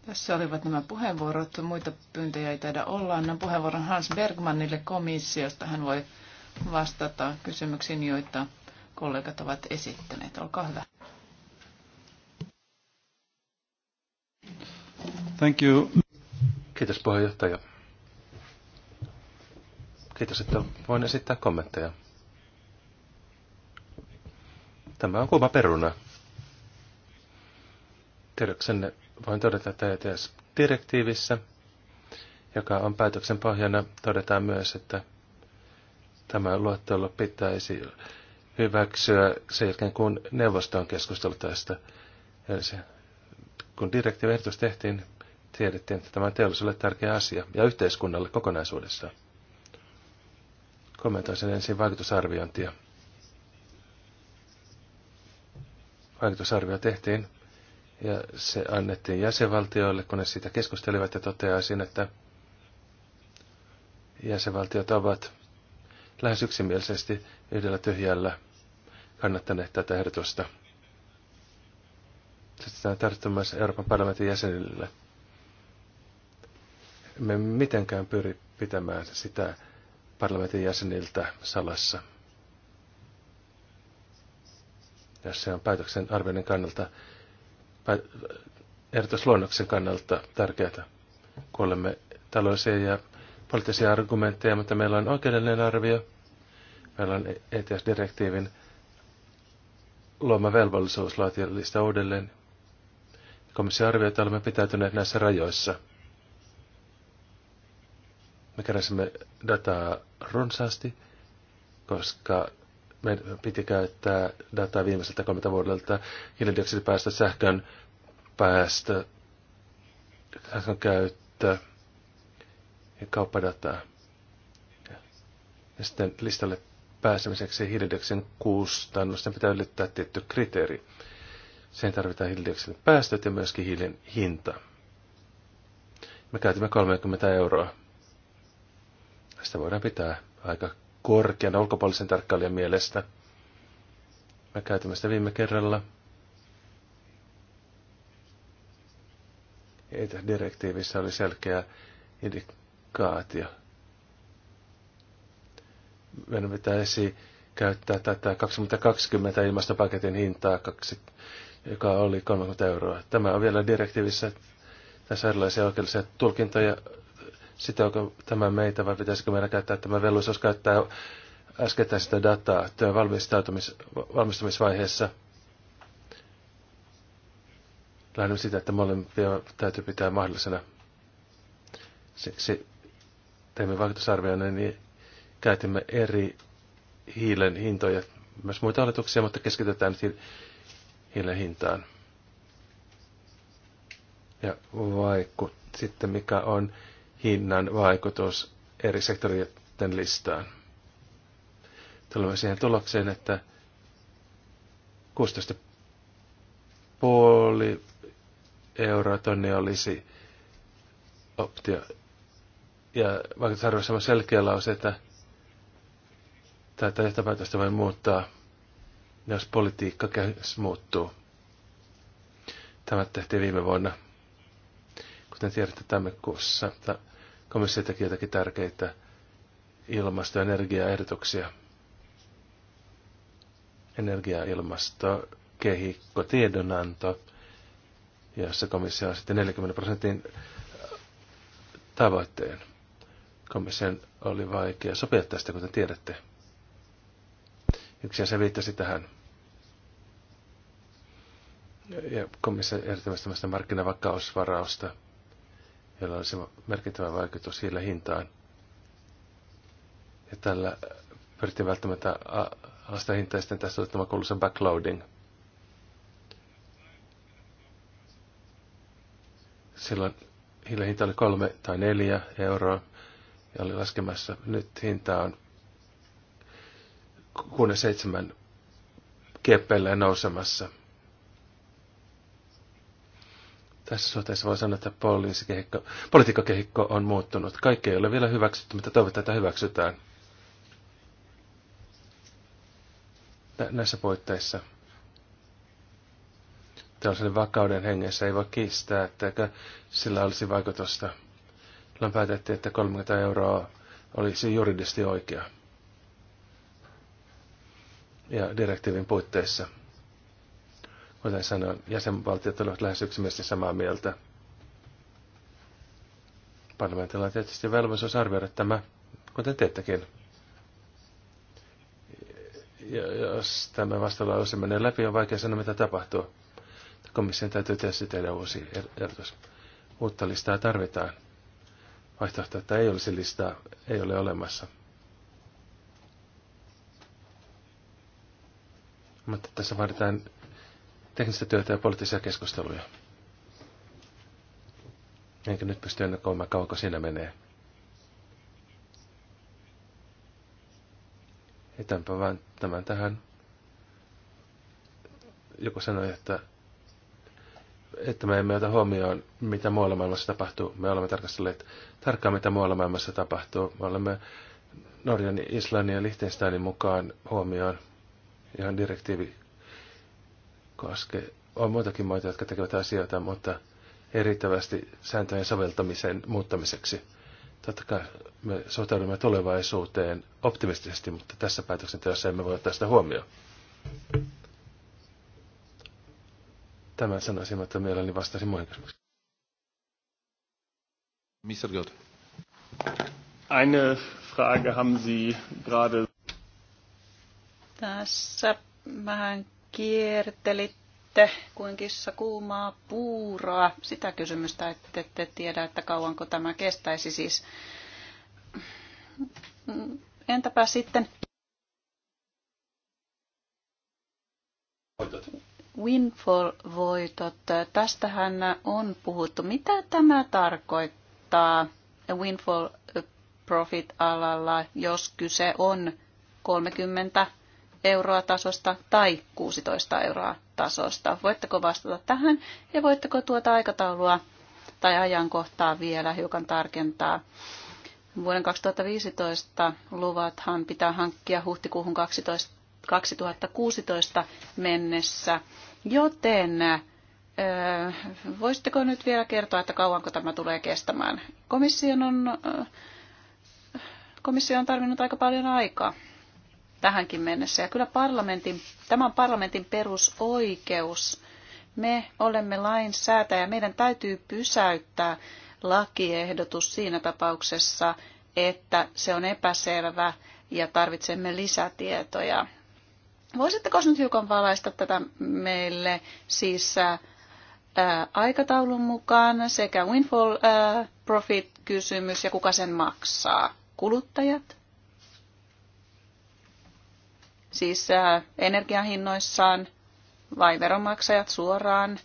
Tässä olivat nämä puheenvuorot. Muita pyyntöjä ei taida olla. Annan puheenvuoron Hans Bergmanille komissiosta. Hän voi vastata kysymyksiin, joita kollegat ovat esittäneet. Olkaa hyvä. Thank you. Kiitos puheenjohtaja. Kiitos, että voin esittää kommentteja. Tämä on kuuma peruna. Tiedoksenne voin todeta, että ETS-direktiivissä, joka on päätöksen pohjana, todetaan myös, että tämä luettelo pitäisi hyväksyä sen jälkeen, kun neuvosto on keskustellut tästä. Eli se, kun direktiivehdotus tehtiin, tiedettiin, että tämä on teollisuudelle tärkeä asia ja yhteiskunnalle kokonaisuudessaan. Kommentoin sen ensin vaikutusarviointia. Vaikutusarvio tehtiin ja se annettiin jäsenvaltioille, kun ne siitä keskustelivat ja toteaisin, että jäsenvaltiot ovat lähes yksimielisesti yhdellä tyhjällä kannattaneet tätä ehdotusta. Sitä tämä tarttu myös Euroopan parlamentin jäsenille. Me mitenkään pyri pitämään sitä parlamentin jäseniltä salassa. Jos se on päätöksen arvioinnin kannalta Äh, ehdotusluonnoksen kannalta tärkeää. olemme taloisia ja poliittisia argumentteja, mutta meillä on oikeudellinen arvio. Meillä on ETS-direktiivin luoma velvollisuus laatia lista uudelleen. Komissio arvioi, että olemme pitäytyneet näissä rajoissa. Me keräsimme dataa runsaasti, koska me piti käyttää dataa viimeiseltä 30 vuodelta hiilidioksidipäästö, sähkön päästö, sähkön käyttö ja kauppadataa. Ja sitten listalle pääsemiseksi hiilidioksidin kustannusten pitää ylittää tietty kriteeri. Sen tarvitaan hiilidioksidin päästöt ja myöskin hiilin hinta. Me käytimme 30 euroa. Sitä voidaan pitää aika korkeana ulkopuolisen tarkkailijan mielestä. Mä käytimme sitä viime kerralla. direktiivissä oli selkeä indikaatio. Meidän pitäisi käyttää tätä 2020 ilmastopaketin hintaa, joka oli 30 euroa. Tämä on vielä direktiivissä. Tässä on erilaisia oikeellisia tulkintoja sitä, onko tämä meitä vai pitäisikö meidän käyttää tämä velvollisuus käyttää äskettäin sitä dataa työn valmistautumis, valmistumisvaiheessa. Lähden sitä, että molempia täytyy pitää mahdollisena. Siksi teimme vaikutusarvioinnin niin käytimme eri hiilen hintoja, myös muita oletuksia, mutta keskitytään nyt hiilen hintaan. Ja vaikka sitten mikä on hinnan vaikutus eri sektoreiden listaan. Tulemme siihen tulokseen, että 16,5 euroa tonni olisi optio. Ja vaikutusarvoissa on selkeä lause, että tätä johtopäätöstä voi muuttaa, jos politiikka muuttuu. Tämä tehtiin viime vuonna, kuten tiedätte tammikuussa komissio teki jotakin tärkeitä ilmasto- ja energiaehdotuksia. Energia-, ilmasto-, kehikko, tiedonanto, jossa komissio on sitten 40 prosentin tavoitteen. Komission oli vaikea sopia tästä, kuten tiedätte. Yksi se viittasi tähän. Ja komissio ehdottomasti markkinavakausvarausta jolla olisi merkittävä vaikutus siellä hintaan. Ja tällä pyrittiin välttämättä alasta hintaa ja sitten tässä oli tämä kuuluisa backloading. Silloin hiilen hinta oli kolme tai neljä euroa ja oli laskemassa. Nyt hinta on 6-7 keppeillä nousemassa – Tässä suhteessa voi sanoa, että poliisikehikko, politiikkakehikko on muuttunut. Kaikki ei ole vielä hyväksytty, mutta toivotaan, että hyväksytään näissä puitteissa. Tällaisen vakauden hengessä ei voi kiistää, että sillä olisi vaikutusta. Silloin päätettiin, että 30 euroa olisi juridisesti oikea. Ja direktiivin puitteissa – Kuten sanoa, jäsenvaltiot olivat lähes yksimielisesti samaa mieltä. Parlamentilla on tietysti velvollisuus arvioida tämä, kuten teettäkin. Ja jos tämä vastalause menee läpi, on vaikea sanoa, mitä tapahtuu. Komission täytyy tietysti tehdä uusi ehdotus. Uutta listaa tarvitaan. Vaihtoehto, että ei olisi listaa, ei ole olemassa. Mutta tässä vaaditaan teknistä työtä ja poliittisia keskusteluja. Enkä nyt pysty ennakoimaan, kauanko siinä menee. Heitänpä vaan tämän tähän. Joku sanoi, että, että me emme ota huomioon, mitä muualla maailmassa tapahtuu. Me olemme tarkastelleet tarkkaan, mitä muualla maailmassa tapahtuu. Me olemme Norjan, Islannin ja Liechtensteinin mukaan huomioon ihan direktiivi koske, on muitakin maita, jotka tekevät asioita, mutta erittävästi sääntöjen soveltamisen muuttamiseksi. Totta kai me suhtaudumme tulevaisuuteen optimistisesti, mutta tässä päätöksenteossa emme voi ottaa sitä huomioon. Tämän sanoisin, että mielelläni vastasin muihin kysymyksiin. Mr. Gott. Eine Frage haben Sie gerade. Tässä vähän kiertelitte kuin kissa kuumaa puuroa. Sitä kysymystä, että ette tiedä, että kauanko tämä kestäisi siis. Mm, entäpä sitten windfall-voitot. Tästähän on puhuttu. Mitä tämä tarkoittaa windfall profit-alalla, jos kyse on 30 euroa tasosta tai 16 euroa tasosta. Voitteko vastata tähän ja voitteko tuota aikataulua tai ajankohtaa vielä hiukan tarkentaa? Vuoden 2015 luvathan pitää hankkia huhtikuuhun 12, 2016 mennessä, joten voisitteko nyt vielä kertoa, että kauanko tämä tulee kestämään? Komission on, komissio on tarvinnut aika paljon aikaa tähänkin mennessä. Ja kyllä parlamentin, tämä on parlamentin perusoikeus. Me olemme lainsäätäjä. Meidän täytyy pysäyttää lakiehdotus siinä tapauksessa, että se on epäselvä ja tarvitsemme lisätietoja. Voisitteko nyt hiukan valaista tätä meille siis ää, aikataulun mukaan sekä windfall ää, profit kysymys ja kuka sen maksaa? Kuluttajat siis äh, energiahinnoissaan vai veronmaksajat suoraan.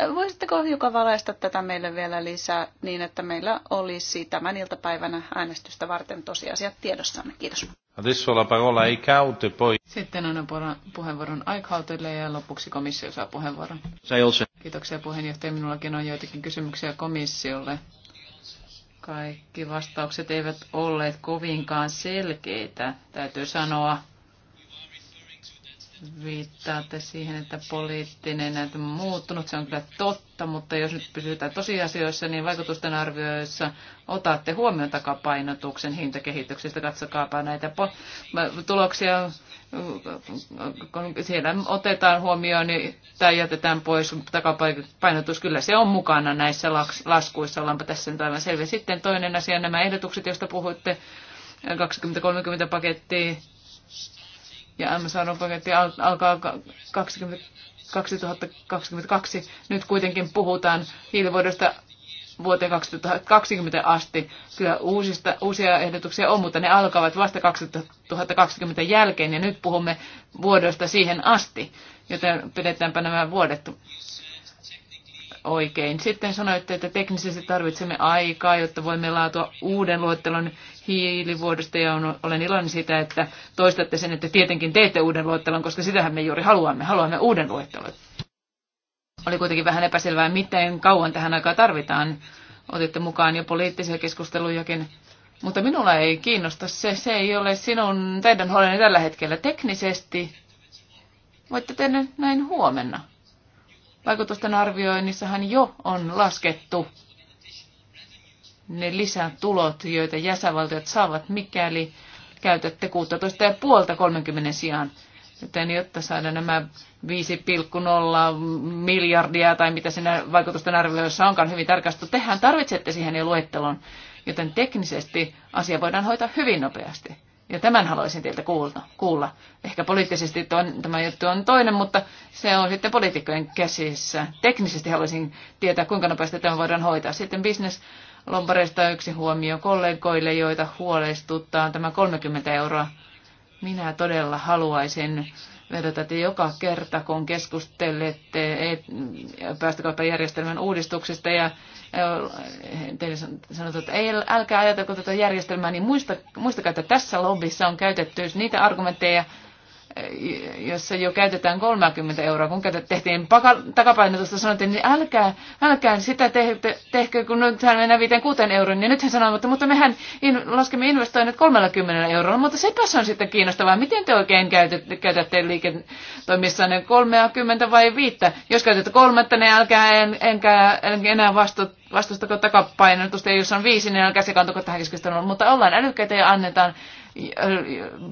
Äh, voisitteko hiukan valaista tätä meille vielä lisää niin, että meillä olisi tämän iltapäivänä äänestystä varten tosiasiat tiedossamme. Kiitos. Adesso la parola Eichhaute, poi... Sitten annan puheenvuoron Aikautille ja lopuksi komissio saa puheenvuoron. Kiitoksia puheenjohtaja. Minullakin on joitakin kysymyksiä komissiolle. Kaikki vastaukset eivät olleet kovinkaan selkeitä, täytyy sanoa viittaatte siihen, että poliittinen näitä on muuttunut, se on kyllä totta, mutta jos nyt pysytään tosiasioissa, niin vaikutusten arvioissa otatte huomioon takapainotuksen hintakehityksestä, katsokaapa näitä tuloksia, kun siellä otetaan huomioon niin, tai jätetään pois takapainotus, kyllä se on mukana näissä laskuissa, ollaanpa tässä nyt aivan selvä. Sitten toinen asia, nämä ehdotukset, joista puhuitte, 2030 pakettiin, ja MSR-paketti alkaa 20, 2022. Nyt kuitenkin puhutaan hiilivuodosta vuoteen 2020 asti. Kyllä uusista, uusia ehdotuksia on, mutta ne alkavat vasta 2020 jälkeen ja nyt puhumme vuodosta siihen asti, joten pidetäänpä nämä vuodet oikein. Sitten sanoitte, että teknisesti tarvitsemme aikaa, jotta voimme laatua uuden luettelon hiilivuodosta ja on, olen iloinen siitä, että toistatte sen, että tietenkin teette uuden luettelon, koska sitähän me juuri haluamme. Haluamme uuden luettelon. Oli kuitenkin vähän epäselvää, miten kauan tähän aikaa tarvitaan. Otitte mukaan jo poliittisia keskustelujakin. Mutta minulla ei kiinnosta se. Se ei ole sinun teidän huolenne tällä hetkellä teknisesti. Voitte tehdä näin huomenna vaikutusten arvioinnissahan jo on laskettu ne lisätulot, joita jäsenvaltiot saavat, mikäli käytätte 16,5 30 sijaan. Joten jotta saada nämä 5,0 miljardia tai mitä siinä vaikutusten arvioissa onkaan hyvin tarkastu, tehän tarvitsette siihen jo luettelon, joten teknisesti asia voidaan hoitaa hyvin nopeasti. Ja tämän haluaisin teiltä kuulta, kuulla. Ehkä poliittisesti ton, tämä juttu on toinen, mutta se on sitten poliitikkojen käsissä. Teknisesti haluaisin tietää, kuinka nopeasti tämä voidaan hoitaa. Sitten business lomparista yksi huomio kollegoille, joita huolestuttaa tämä 30 euroa. Minä todella haluaisin vedota, että joka kerta kun keskustelette päästökauppajärjestelmän uudistuksesta ja teille sanotaan, että ei, älkää ajatelko tätä järjestelmää, niin muista, muistakaa, että tässä lobbissa on käytetty niitä argumentteja, jossa jo käytetään 30 euroa, kun tehtiin takapainotusta, sanottiin, niin älkää, älkää sitä tehkö, tehkö kun nyt hän mennään 5 kuuteen euroon, niin nyt hän sanoo, mutta, mutta mehän in, laskemme investoinnit 30 eurolla, mutta sepäs on sitten kiinnostavaa, miten te oikein käytätte, käytätte liiketoimissanne 30 vai 5? Jos käytätte kolmatta, niin älkää en, enkä, en enää vastu, vastustako takapainotusta, ja jos on viisi, niin älkää sekaantuko tähän keskusteluun, mutta ollaan älykkäitä ja annetaan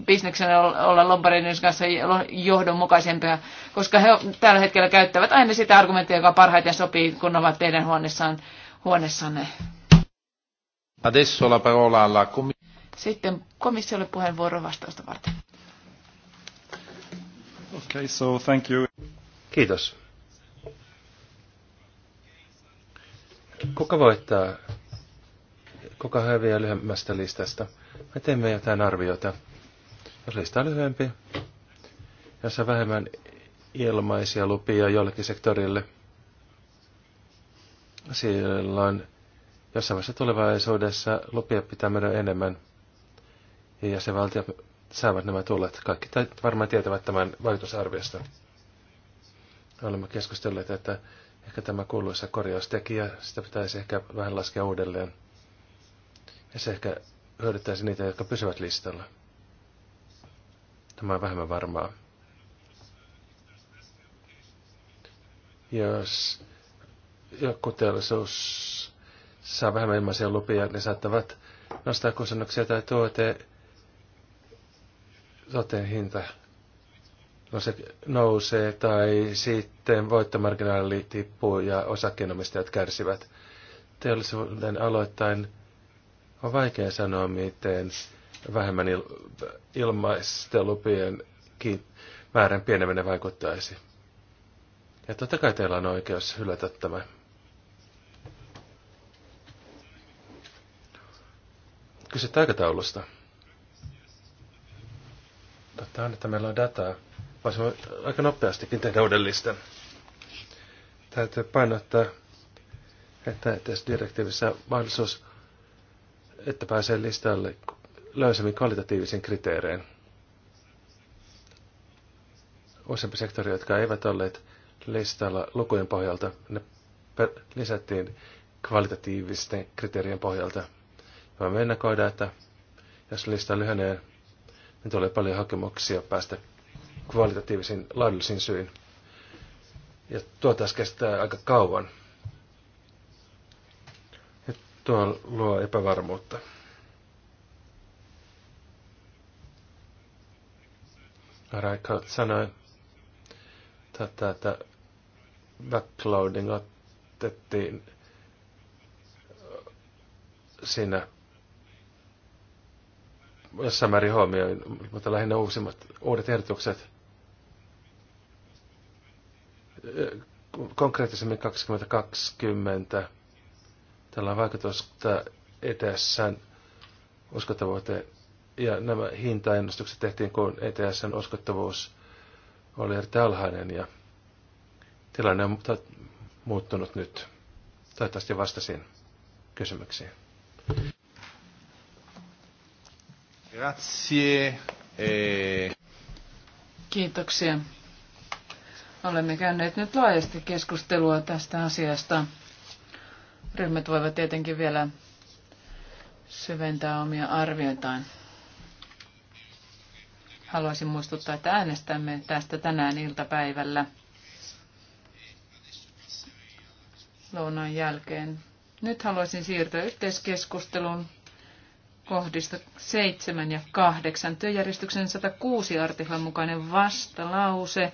bisneksenä olla lobbareiden kanssa johdonmukaisempia, koska he tällä hetkellä käyttävät aina sitä argumenttia, joka parhaiten sopii, kun ovat teidän huoneessaan, huoneessanne. Adesso la parola alla Sitten komissiolle puheenvuoro vastausta varten. Okay, so thank you. Kiitos. Kuka voittaa? Kuka häviää lyhyemmästä listasta? me teemme jotain arviota. Jos lista on lyhyempi, on vähemmän ilmaisia lupia jollekin sektorille, silloin jossain vaiheessa tulevaisuudessa lupia pitää mennä enemmän. Ja jäsenvaltiot saavat nämä tulet. Kaikki varmaan tietävät tämän vaikutusarviosta. Olemme keskustelleet, että ehkä tämä kuuluisa korjaustekijä, sitä pitäisi ehkä vähän laskea uudelleen. Ja se ehkä löydettäisiin niitä, jotka pysyvät listalla. Tämä on vähemmän varmaa. Jos joku teollisuus saa vähemmän ilmaisia lupia, ne saattavat nostaa kustannuksia tai tuote, tuotteen hinta no se nousee tai sitten voittomarginaali tippuu ja osakkeenomistajat kärsivät. Teollisuuden aloittain on vaikea sanoa, miten vähemmän il- ilmaistelupien määrän pieneminen vaikuttaisi. Ja totta kai teillä on oikeus hylätä tämä. Kysyt aikataulusta. Totta on, että meillä on dataa. Voisimme aika nopeastikin tehdä uuden listan. Täytyy painottaa, että tässä direktiivissä mahdollisuus että pääsee listalle löysemmin kvalitatiivisen kriteerein. Useampi sektori, jotka eivät olleet listalla lukujen pohjalta, ne lisättiin kvalitatiivisten kriteerien pohjalta. Ja me ennakoidaan, että jos lista lyhenee, niin tulee paljon hakemuksia päästä kvalitatiivisiin laadullisiin syin. Ja tuo taas kestää aika kauan tuo luo epävarmuutta. Raikka sanoi, että, että backloading otettiin siinä jossain määrin huomioin, mutta lähinnä uusimmat, uudet ehdotukset konkreettisemmin 2020 Tällä on vaikutusta ETSn uskottavuuteen. Ja nämä hintaennustukset tehtiin, kun ETSn uskottavuus oli erittäin alhainen ja tilanne on muuttunut nyt. Toivottavasti vastasin kysymyksiin. Grazie. Eh. Kiitoksia. Olemme käyneet nyt laajasti keskustelua tästä asiasta. Ryhmät voivat tietenkin vielä syventää omia arvioitaan. Haluaisin muistuttaa, että äänestämme tästä tänään iltapäivällä lounan jälkeen. Nyt haluaisin siirtyä yhteiskeskusteluun kohdista 7 ja 8. Työjärjestyksen 106 artiklan mukainen vastalause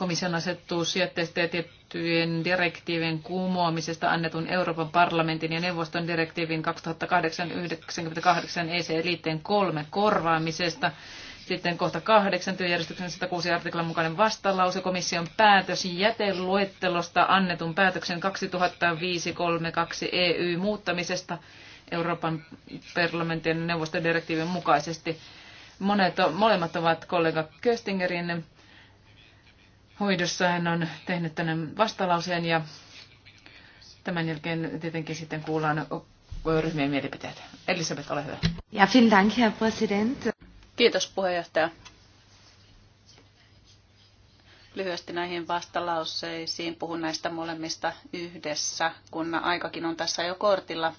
komission asetus jätteistä ja tiettyjen direktiivien kumoamisesta annetun Euroopan parlamentin ja neuvoston direktiivin 2008-98 EC liitteen kolme korvaamisesta. Sitten kohta kahdeksan työjärjestyksen 106 artiklan mukainen vastalause komission päätös jäteluettelosta annetun päätöksen 2005-32 EY muuttamisesta Euroopan parlamentin neuvoston direktiivin mukaisesti. Monet, molemmat ovat kollega Köstingerin hoidossa. Hän on tehnyt tänne vastalauseen ja tämän jälkeen tietenkin sitten kuullaan ryhmien mielipiteet. Elisabeth, ole hyvä. Ja dank, herr Kiitos puheenjohtaja. Lyhyesti näihin vastalauseisiin. Puhun näistä molemmista yhdessä, kun aikakin on tässä jo kortilla.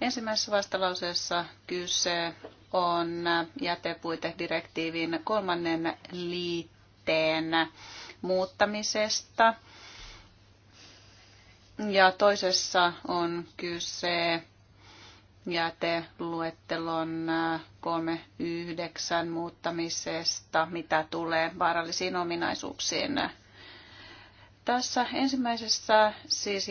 Ensimmäisessä vastalauseessa kyse on jätepuitedirektiivin kolmannen liittyen käsitteen muuttamisesta. Ja toisessa on kyse jäteluettelon 39 muuttamisesta, mitä tulee vaarallisiin ominaisuuksiin. Tässä ensimmäisessä siis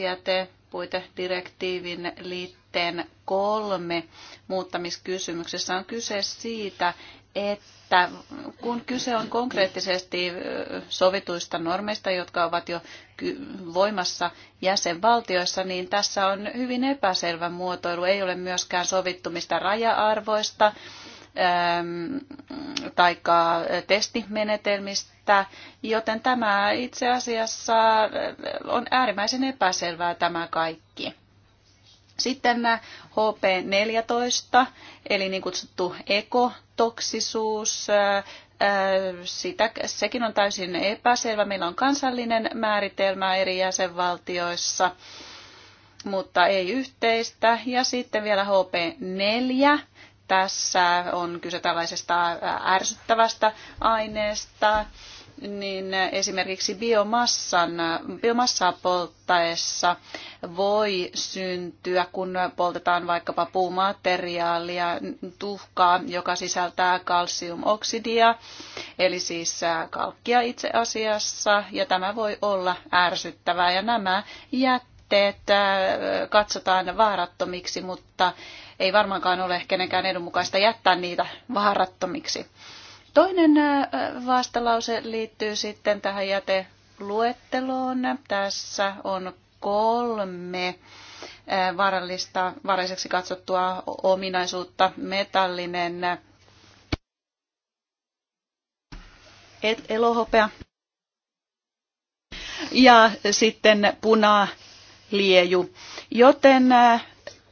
direktiivin liitteen kolme muuttamiskysymyksessä on kyse siitä, että kun kyse on konkreettisesti sovituista normeista, jotka ovat jo voimassa jäsenvaltioissa, niin tässä on hyvin epäselvä muotoilu. Ei ole myöskään sovittumista raja-arvoista tai testimenetelmistä, joten tämä itse asiassa on äärimmäisen epäselvää tämä kaikki. Sitten HP14, eli niin kutsuttu ekotoksisuus, sitä, sekin on täysin epäselvä. Meillä on kansallinen määritelmä eri jäsenvaltioissa, mutta ei yhteistä. Ja sitten vielä HP4. Tässä on kyse tällaisesta ärsyttävästä aineesta niin esimerkiksi biomassan, biomassaa polttaessa voi syntyä, kun poltetaan vaikkapa puumateriaalia, tuhkaa, joka sisältää kalsiumoksidia, eli siis kalkkia itse asiassa, ja tämä voi olla ärsyttävää, ja nämä jätteet katsotaan vaarattomiksi, mutta ei varmaankaan ole kenenkään edunmukaista jättää niitä vaarattomiksi. Toinen vastalause liittyy sitten tähän jäteluetteloon. Tässä on kolme vaarallista, vaaralliseksi katsottua ominaisuutta. Metallinen e, elohopea ja sitten puna lieju. Joten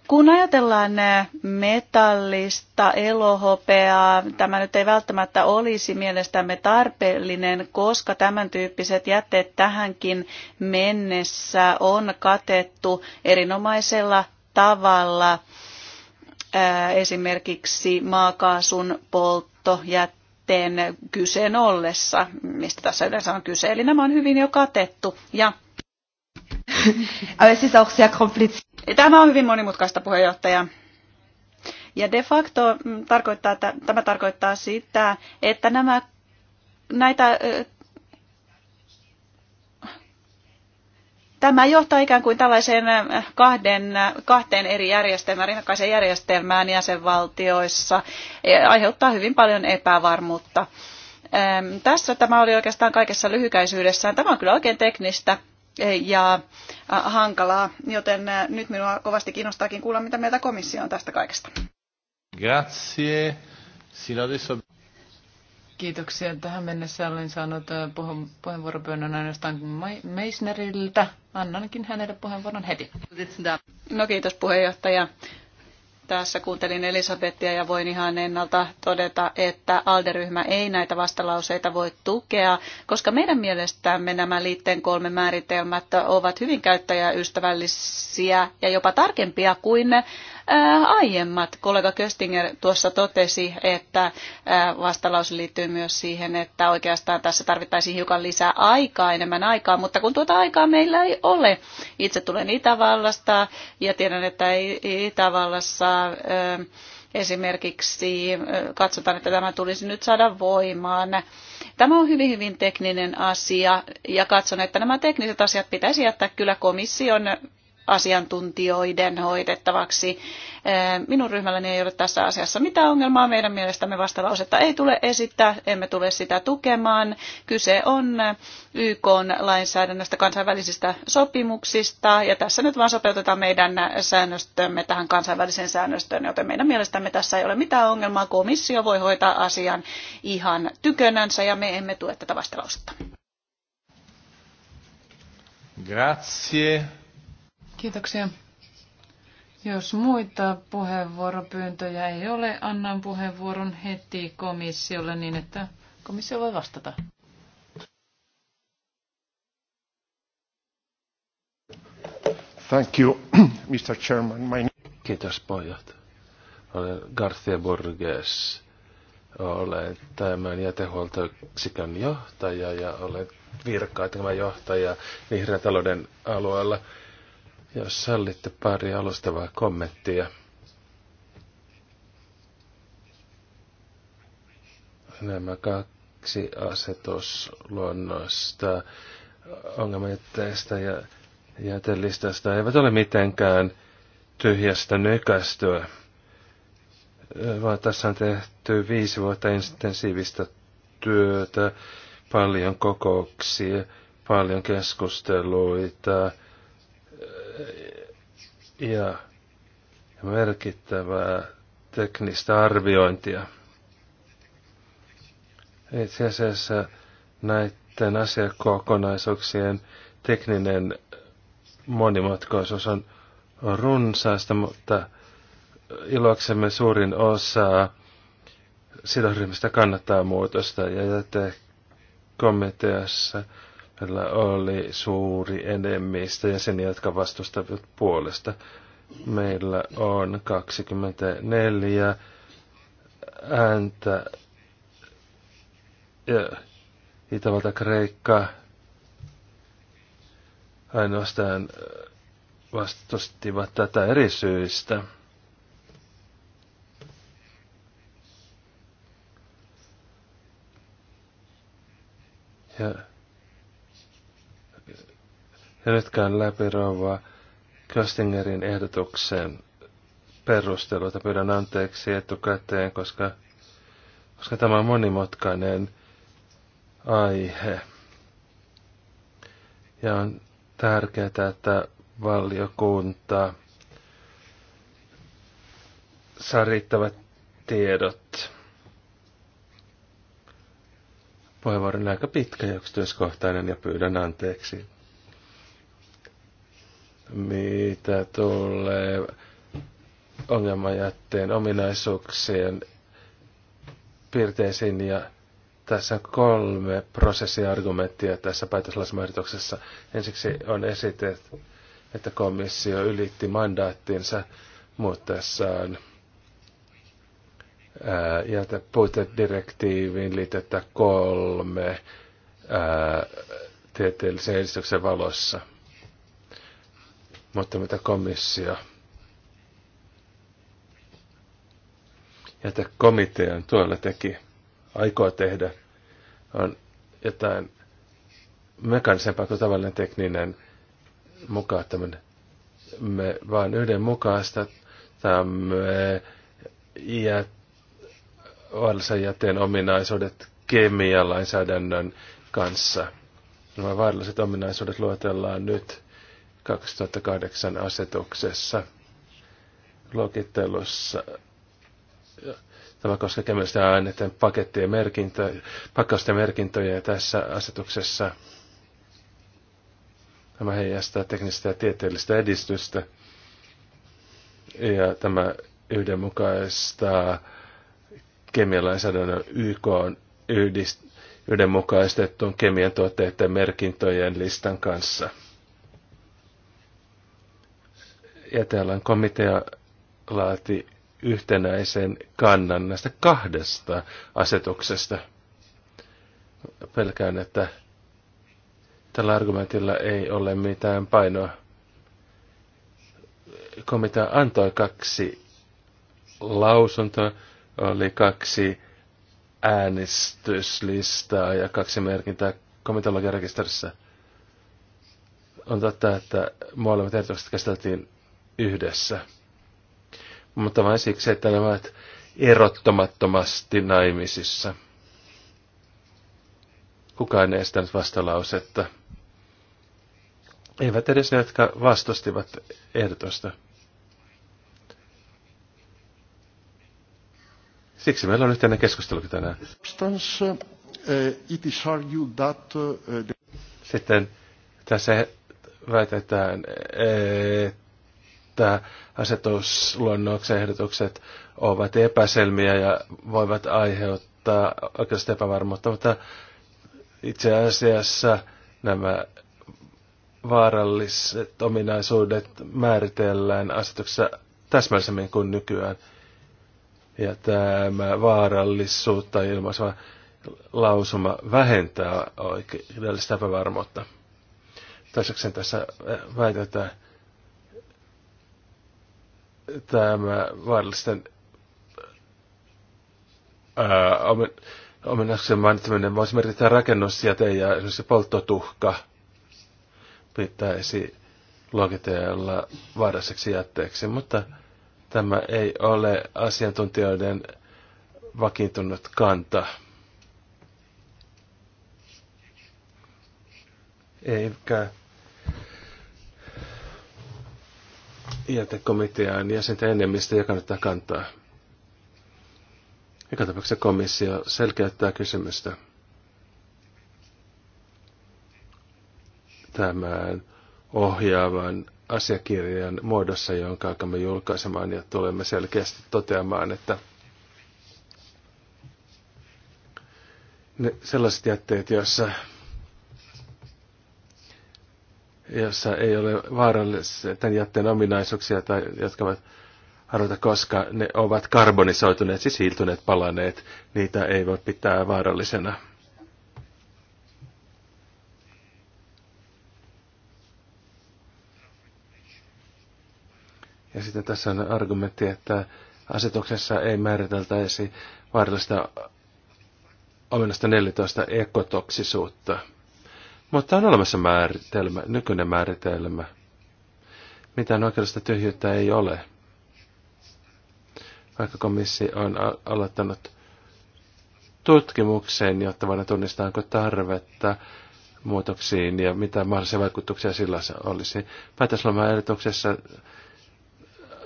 kun ajatellaan eh, metallista, elohopeaa, tämä nyt ei välttämättä olisi mielestämme tarpeellinen, koska tämän tyyppiset jätteet tähänkin mennessä on katettu erinomaisella tavalla eh, esimerkiksi maakaasun polttojätteet teen kyseen ollessa, mistä tässä yleensä on kyse. Eli nämä on hyvin jo katettu. Ja auch sehr Tämä on hyvin monimutkaista puheenjohtaja. Ja de facto mm, tarkoittaa, että, tämä tarkoittaa sitä, että nämä, näitä, tämä johtaa ikään kuin tällaiseen kahden, kahteen eri järjestelmään, rinnakkaiseen järjestelmään jäsenvaltioissa, ja aiheuttaa hyvin paljon epävarmuutta. Tässä tämä oli oikeastaan kaikessa lyhykäisyydessään. Tämä on kyllä oikein teknistä ja hankalaa, joten nyt minua kovasti kiinnostaakin kuulla, mitä mieltä komissio on tästä kaikesta. Grazie. Sillä adesso... Kiitoksia. Tähän mennessä olen saanut puheenvuoropyönnön ainoastaan Meisneriltä. Annankin hänelle puheenvuoron heti. No kiitos puheenjohtaja tässä kuuntelin Elisabettia ja voin ihan ennalta todeta, että ALDE-ryhmä ei näitä vastalauseita voi tukea, koska meidän mielestämme nämä liitteen kolme määritelmät ovat hyvin käyttäjäystävällisiä ja jopa tarkempia kuin Äh, aiemmat. Kollega Köstinger tuossa totesi, että äh, vastalause liittyy myös siihen, että oikeastaan tässä tarvittaisiin hiukan lisää aikaa, enemmän aikaa, mutta kun tuota aikaa meillä ei ole. Itse tulen Itävallasta ja tiedän, että Itävallassa äh, esimerkiksi katsotaan, että tämä tulisi nyt saada voimaan. Tämä on hyvin, hyvin tekninen asia ja katson, että nämä tekniset asiat pitäisi jättää kyllä komission asiantuntijoiden hoidettavaksi. Eh, minun ryhmälläni ei ole tässä asiassa mitään ongelmaa. Meidän mielestämme vastalausetta ei tule esittää, emme tule sitä tukemaan. Kyse on YK-lainsäädännöstä, kansainvälisistä sopimuksista ja tässä nyt vaan sopeutetaan meidän säännöstömme tähän kansainväliseen säännöstöön, joten meidän mielestämme tässä ei ole mitään ongelmaa. Komissio voi hoitaa asian ihan tykönänsä ja me emme tue tätä vastalausetta. Grazie. Kiitoksia. Jos muita puheenvuoropyyntöjä ei ole, annan puheenvuoron heti komissiolle niin, että komissio voi vastata. Thank you, Mr. Chairman. My... Kiitos, pojat. Olen Garcia Borges. Olen tämän jätehuoltoyksikön johtaja ja olen virkaa tämä johtaja vihreän talouden alueella. Jos sallitte pari alustavaa kommenttia. Nämä kaksi asetusluonnosta ongelmajetteistä ja jätelistasta eivät ole mitenkään tyhjästä nykästöä, vaan tässä on tehty viisi vuotta intensiivistä työtä, paljon kokouksia, paljon keskusteluita, ja merkittävää teknistä arviointia. Itse asiassa näiden asiakokonaisuuksien tekninen monimutkaisuus on runsaasta, mutta iloksemme suurin osa sidosryhmistä kannattaa muutosta ja jätekomiteassa Meillä oli suuri enemmistö jäseniä, jotka vastustavat puolesta. Meillä on 24 ääntä. Ja Itävalta, Kreikka ainoastaan vastustivat tätä eri syistä. Ja ja nyt läpi rouva Köstingerin ehdotuksen perusteluita. Pyydän anteeksi etukäteen, koska, koska tämä on monimutkainen aihe. Ja on tärkeää, että valiokunta saa riittävät tiedot. Puheenvuoron aika pitkä ja yksityiskohtainen ja pyydän anteeksi mitä tulee ongelmajätteen ominaisuuksien piirteisiin ja tässä on kolme prosessiargumenttia tässä päätöslausumaehdotuksessa. Ensiksi on esitetty, että komissio ylitti mandaattinsa muuttaessaan jätepuitedirektiiviin liitettä kolme ää, tieteellisen edistyksen valossa – mutta mitä komissio ja komitean tuolla teki, aikoo tehdä, on jotain mekanisempaa kuin tavallinen tekninen mukaan tämmöinen. Me vaan yhden mukaista tämme iät, vaarallisen jätteen ominaisuudet kemialainsäädännön kanssa. Nämä vaaralliset ominaisuudet luetellaan nyt 2008 asetuksessa luokittelussa. Tämä koskee kemiallisten aineiden pakettien merkintä, pakkausten merkintöjä tässä asetuksessa. Tämä heijastaa teknistä ja tieteellistä edistystä. Ja tämä yhdenmukaistaa kemialainsäädännön YK on yhdist- yhdenmukaistettuun kemian tuotteiden merkintöjen listan kanssa jätealan komitea laati yhtenäisen kannan näistä kahdesta asetuksesta. Pelkään, että tällä argumentilla ei ole mitään painoa. Komitea antoi kaksi lausuntoa, oli kaksi äänestyslistaa ja kaksi merkintää komitologiarekisterissä. On totta, että molemmat ehdotukset käsiteltiin yhdessä. Mutta vain siksi, että nämä ovat erottamattomasti naimisissa. Kukaan ei estänyt vastalausetta. Eivät edes ne, jotka vastustivat ehdotusta. Siksi meillä on yhteinen keskustelu tänään. Eh, eh, Sitten tässä väitetään, että asetusluonnoksen ehdotukset ovat epäselmiä ja voivat aiheuttaa oikeastaan epävarmuutta, mutta itse asiassa nämä vaaralliset ominaisuudet määritellään asetuksessa täsmällisemmin kuin nykyään. Ja tämä vaarallisuutta ilmaiseva lausuma vähentää oikeudellista epävarmuutta. Toiseksi tässä väitetään, tämä vaarallisten omen, omenaksen mainitseminen voisi merkitä rakennusjäte ja esimerkiksi polttotuhka pitäisi luokitella vaaralliseksi jätteeksi, mutta tämä ei ole asiantuntijoiden vakiintunut kanta. Eikä jätekomitean jäsentä enemmistö, joka kantaa. Joka tapauksessa komissio selkeyttää kysymystä tämän ohjaavan asiakirjan muodossa, jonka alkamme julkaisemaan ja tulemme selkeästi toteamaan, että ne sellaiset jätteet, joissa jossa ei ole tämän jätteen ominaisuuksia tai jotka ovat harvoita, koska ne ovat karbonisoituneet, siis hiiltuneet, palaneet. Niitä ei voi pitää vaarallisena. Ja sitten tässä on argumentti, että asetuksessa ei määriteltäisi vaarallista ominaista 14 ekotoksisuutta. Mutta on olemassa määritelmä, nykyinen määritelmä. Mitään oikeudellista tyhjyyttä ei ole. Vaikka komissio on aloittanut tutkimukseen, jotta voidaan tunnistaa, onko tarvetta muutoksiin ja mitä mahdollisia vaikutuksia sillä olisi. päätösloma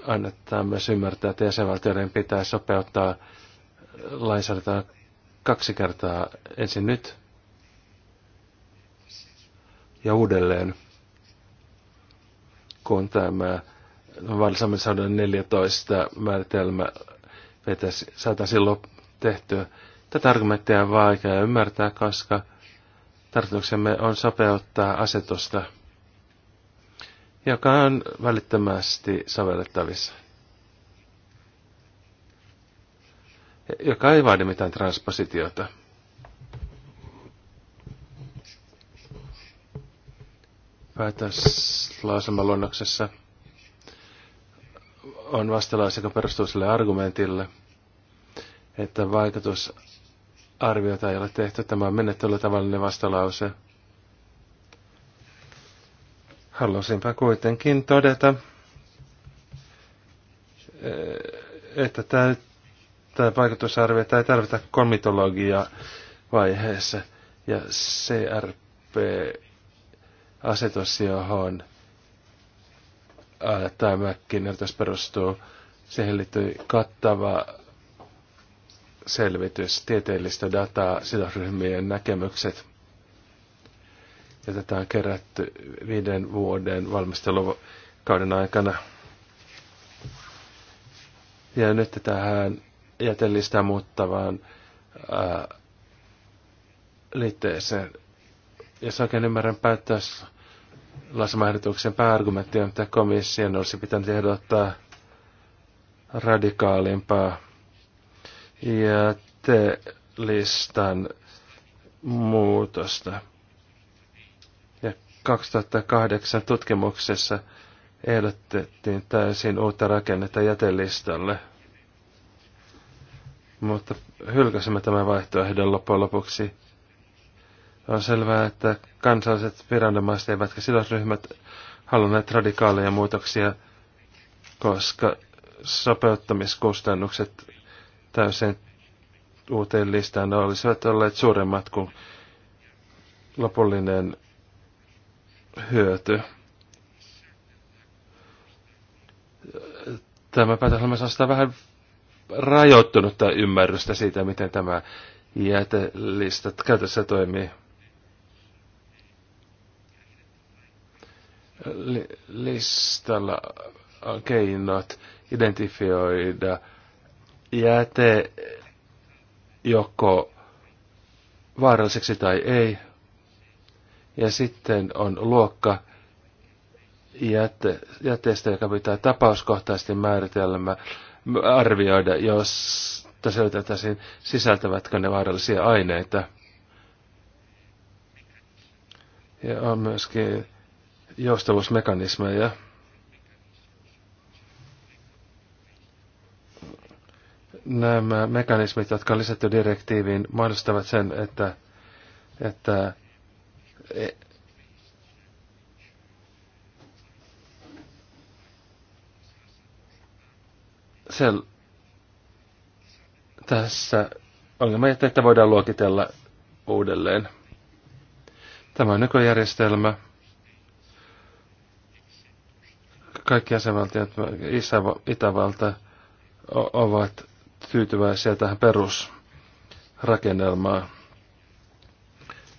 annetaan myös ymmärtää, että jäsenvaltioiden pitää sopeuttaa lainsäädäntöä kaksi kertaa ensin nyt ja uudelleen, kun tämä Valsamme 114 määritelmä saataisiin lop- tehtyä. Tätä argumenttia on vaikea ymmärtää, koska tarkoituksemme on sopeuttaa asetusta, joka on välittömästi sovellettavissa. Joka ei vaadi mitään transpositiota. päätöslauselmaluonnoksessa on vastalaus, joka perustuu sille argumentille, että vaikutusarviota ei ole tehty. Tämä on tavallinen vastalause. Halusinpa kuitenkin todeta, että tämä vaikutusarvio ei tarvita komitologia vaiheessa ja CRP asetus, johon tämäkin ehdotus perustuu, siihen liittyy kattava selvitys, tieteellistä dataa, sidosryhmien näkemykset. Ja tätä on kerätty viiden vuoden valmistelukauden aikana. Ja nyt tähän jätelistää muuttavaan liitteeseen. Jos oikein ymmärrän päättäessä, lasmahdotuksen pääargumentti on, että komission olisi pitänyt ehdottaa radikaalimpaa ja te listan muutosta. Ja 2008 tutkimuksessa ehdotettiin täysin uutta rakennetta jätelistalle. Mutta hylkäsimme tämän vaihtoehdon loppujen lopuksi on selvää, että kansalliset viranomaiset eivätkä sidosryhmät halunneet radikaaleja muutoksia, koska sopeuttamiskustannukset täysin uuteen listaan olisivat olleet suuremmat kuin lopullinen hyöty. Tämä on sitä vähän rajoittunutta ymmärrystä siitä, miten tämä jätelistat käytössä toimii. li, listalla keinot identifioida jäte joko vaaralliseksi tai ei. Ja sitten on luokka jäte, jäteestä, joka pitää tapauskohtaisesti määritelmä arvioida, jos selvitetään sisältävätkö ne vaarallisia aineita. Ja on myöskin joustavuusmekanismeja. Nämä mekanismit, jotka on lisätty direktiiviin, mahdollistavat sen, että, että e- se, tässä että voidaan luokitella uudelleen. Tämä on nykyjärjestelmä. kaikki jäsenvaltiot, Itävalta, ovat tyytyväisiä tähän perusrakennelmaan.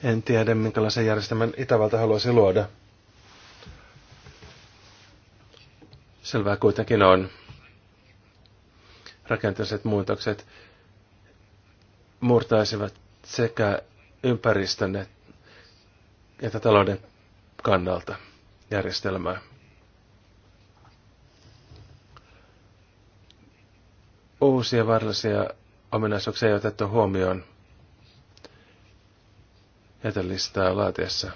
En tiedä, minkälaisen järjestelmän Itävalta haluaisi luoda. Selvää kuitenkin on rakenteelliset muutokset murtaisivat sekä ympäristön että talouden kannalta järjestelmää. uusia vaarallisia ominaisuuksia ei otettu huomioon jätelistaa laatiessa.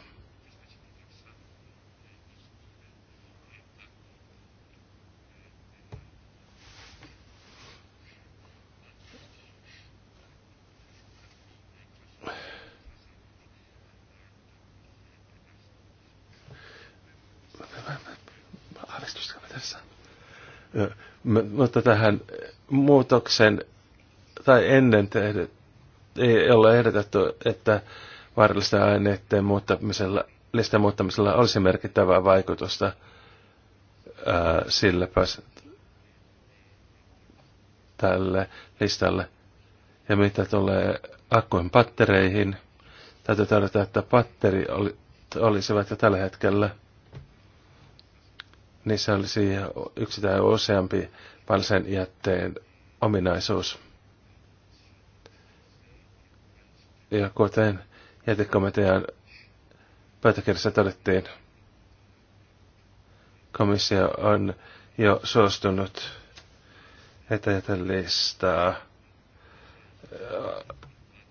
mutta tähän muutoksen tai ennen tehdyt, ei ole ehdotettu, että vaarallisten aineiden muuttamisella, listan muuttamisella olisi merkittävää vaikutusta ää, tälle listalle. Ja mitä tulee akkujen pattereihin, täytyy todeta, että patteri oli, olisivat jo tällä hetkellä – niissä siihen yksi tai useampi valsen jätteen ominaisuus. Ja kuten jätekomitean pöytäkirjassa todettiin, komissio on jo suostunut etäjätelistaa äh,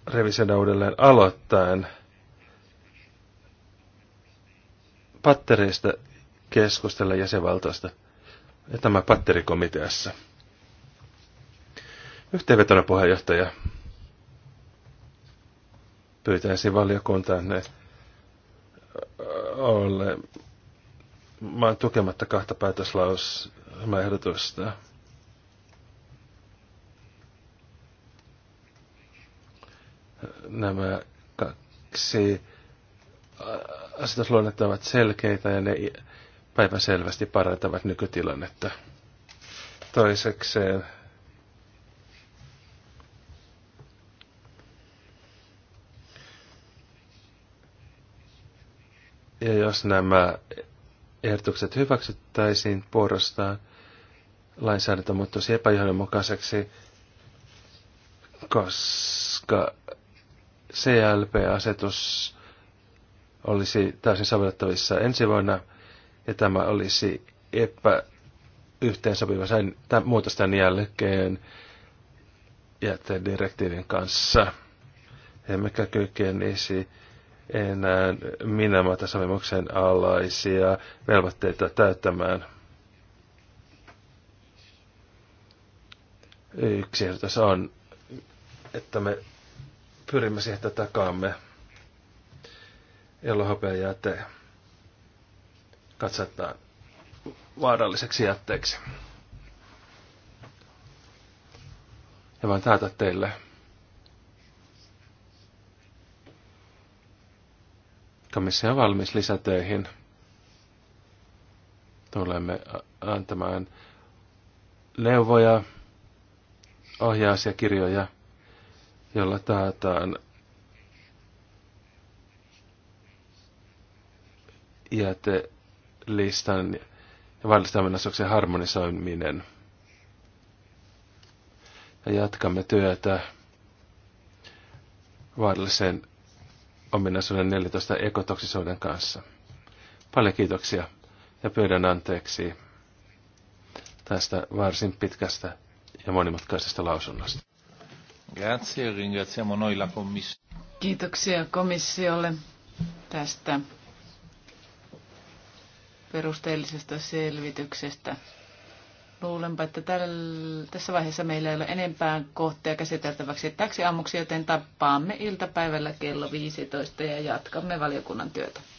revisioida uudelleen aloittain patterista keskustella jäsenvaltoista ja tämä patterikomiteassa. Yhteenvetona puheenjohtaja pyytäisi valiokuntaan äh, ole mä tukematta kahta päätöslausmaehdotusta. Nämä kaksi äh, asetusluonnetta ovat selkeitä ja ne Päivän selvästi parantavat nykytilannetta. Toisekseen Ja jos nämä ehdotukset hyväksyttäisiin puolestaan, lainsäädäntö muuttuisi epäjohdonmukaiseksi, koska CLP-asetus olisi täysin sovellettavissa ensi vuonna – ja tämä olisi epäyhteensopiva muutos tämän jälkeen jätedirektiivin kanssa. Emmekä kykenisi enää minämata sopimuksen alaisia velvoitteita täyttämään. Yksi ehdotus on, että me pyrimme siihen, että takaamme elohopea jäte katsotaan vaaralliseksi jätteeksi. Ja voin taata teille, komissio on valmis lisätöihin. Tulemme antamaan neuvoja, kirjoja, jolla taataan jäte listan ja se harmonisoiminen. Ja jatkamme työtä vaarallisen ominaisuuden 14 ekotoksisuuden kanssa. Paljon kiitoksia ja pyydän anteeksi tästä varsin pitkästä ja monimutkaisesta lausunnosta. Grazie, ringraziamo noi la Kiitoksia komissiolle tästä perusteellisesta selvityksestä. Luulenpa, että täl, tässä vaiheessa meillä ei ole enempää kohtia käsiteltäväksi täksi aamuksi, joten tappaamme iltapäivällä kello 15 ja jatkamme valiokunnan työtä.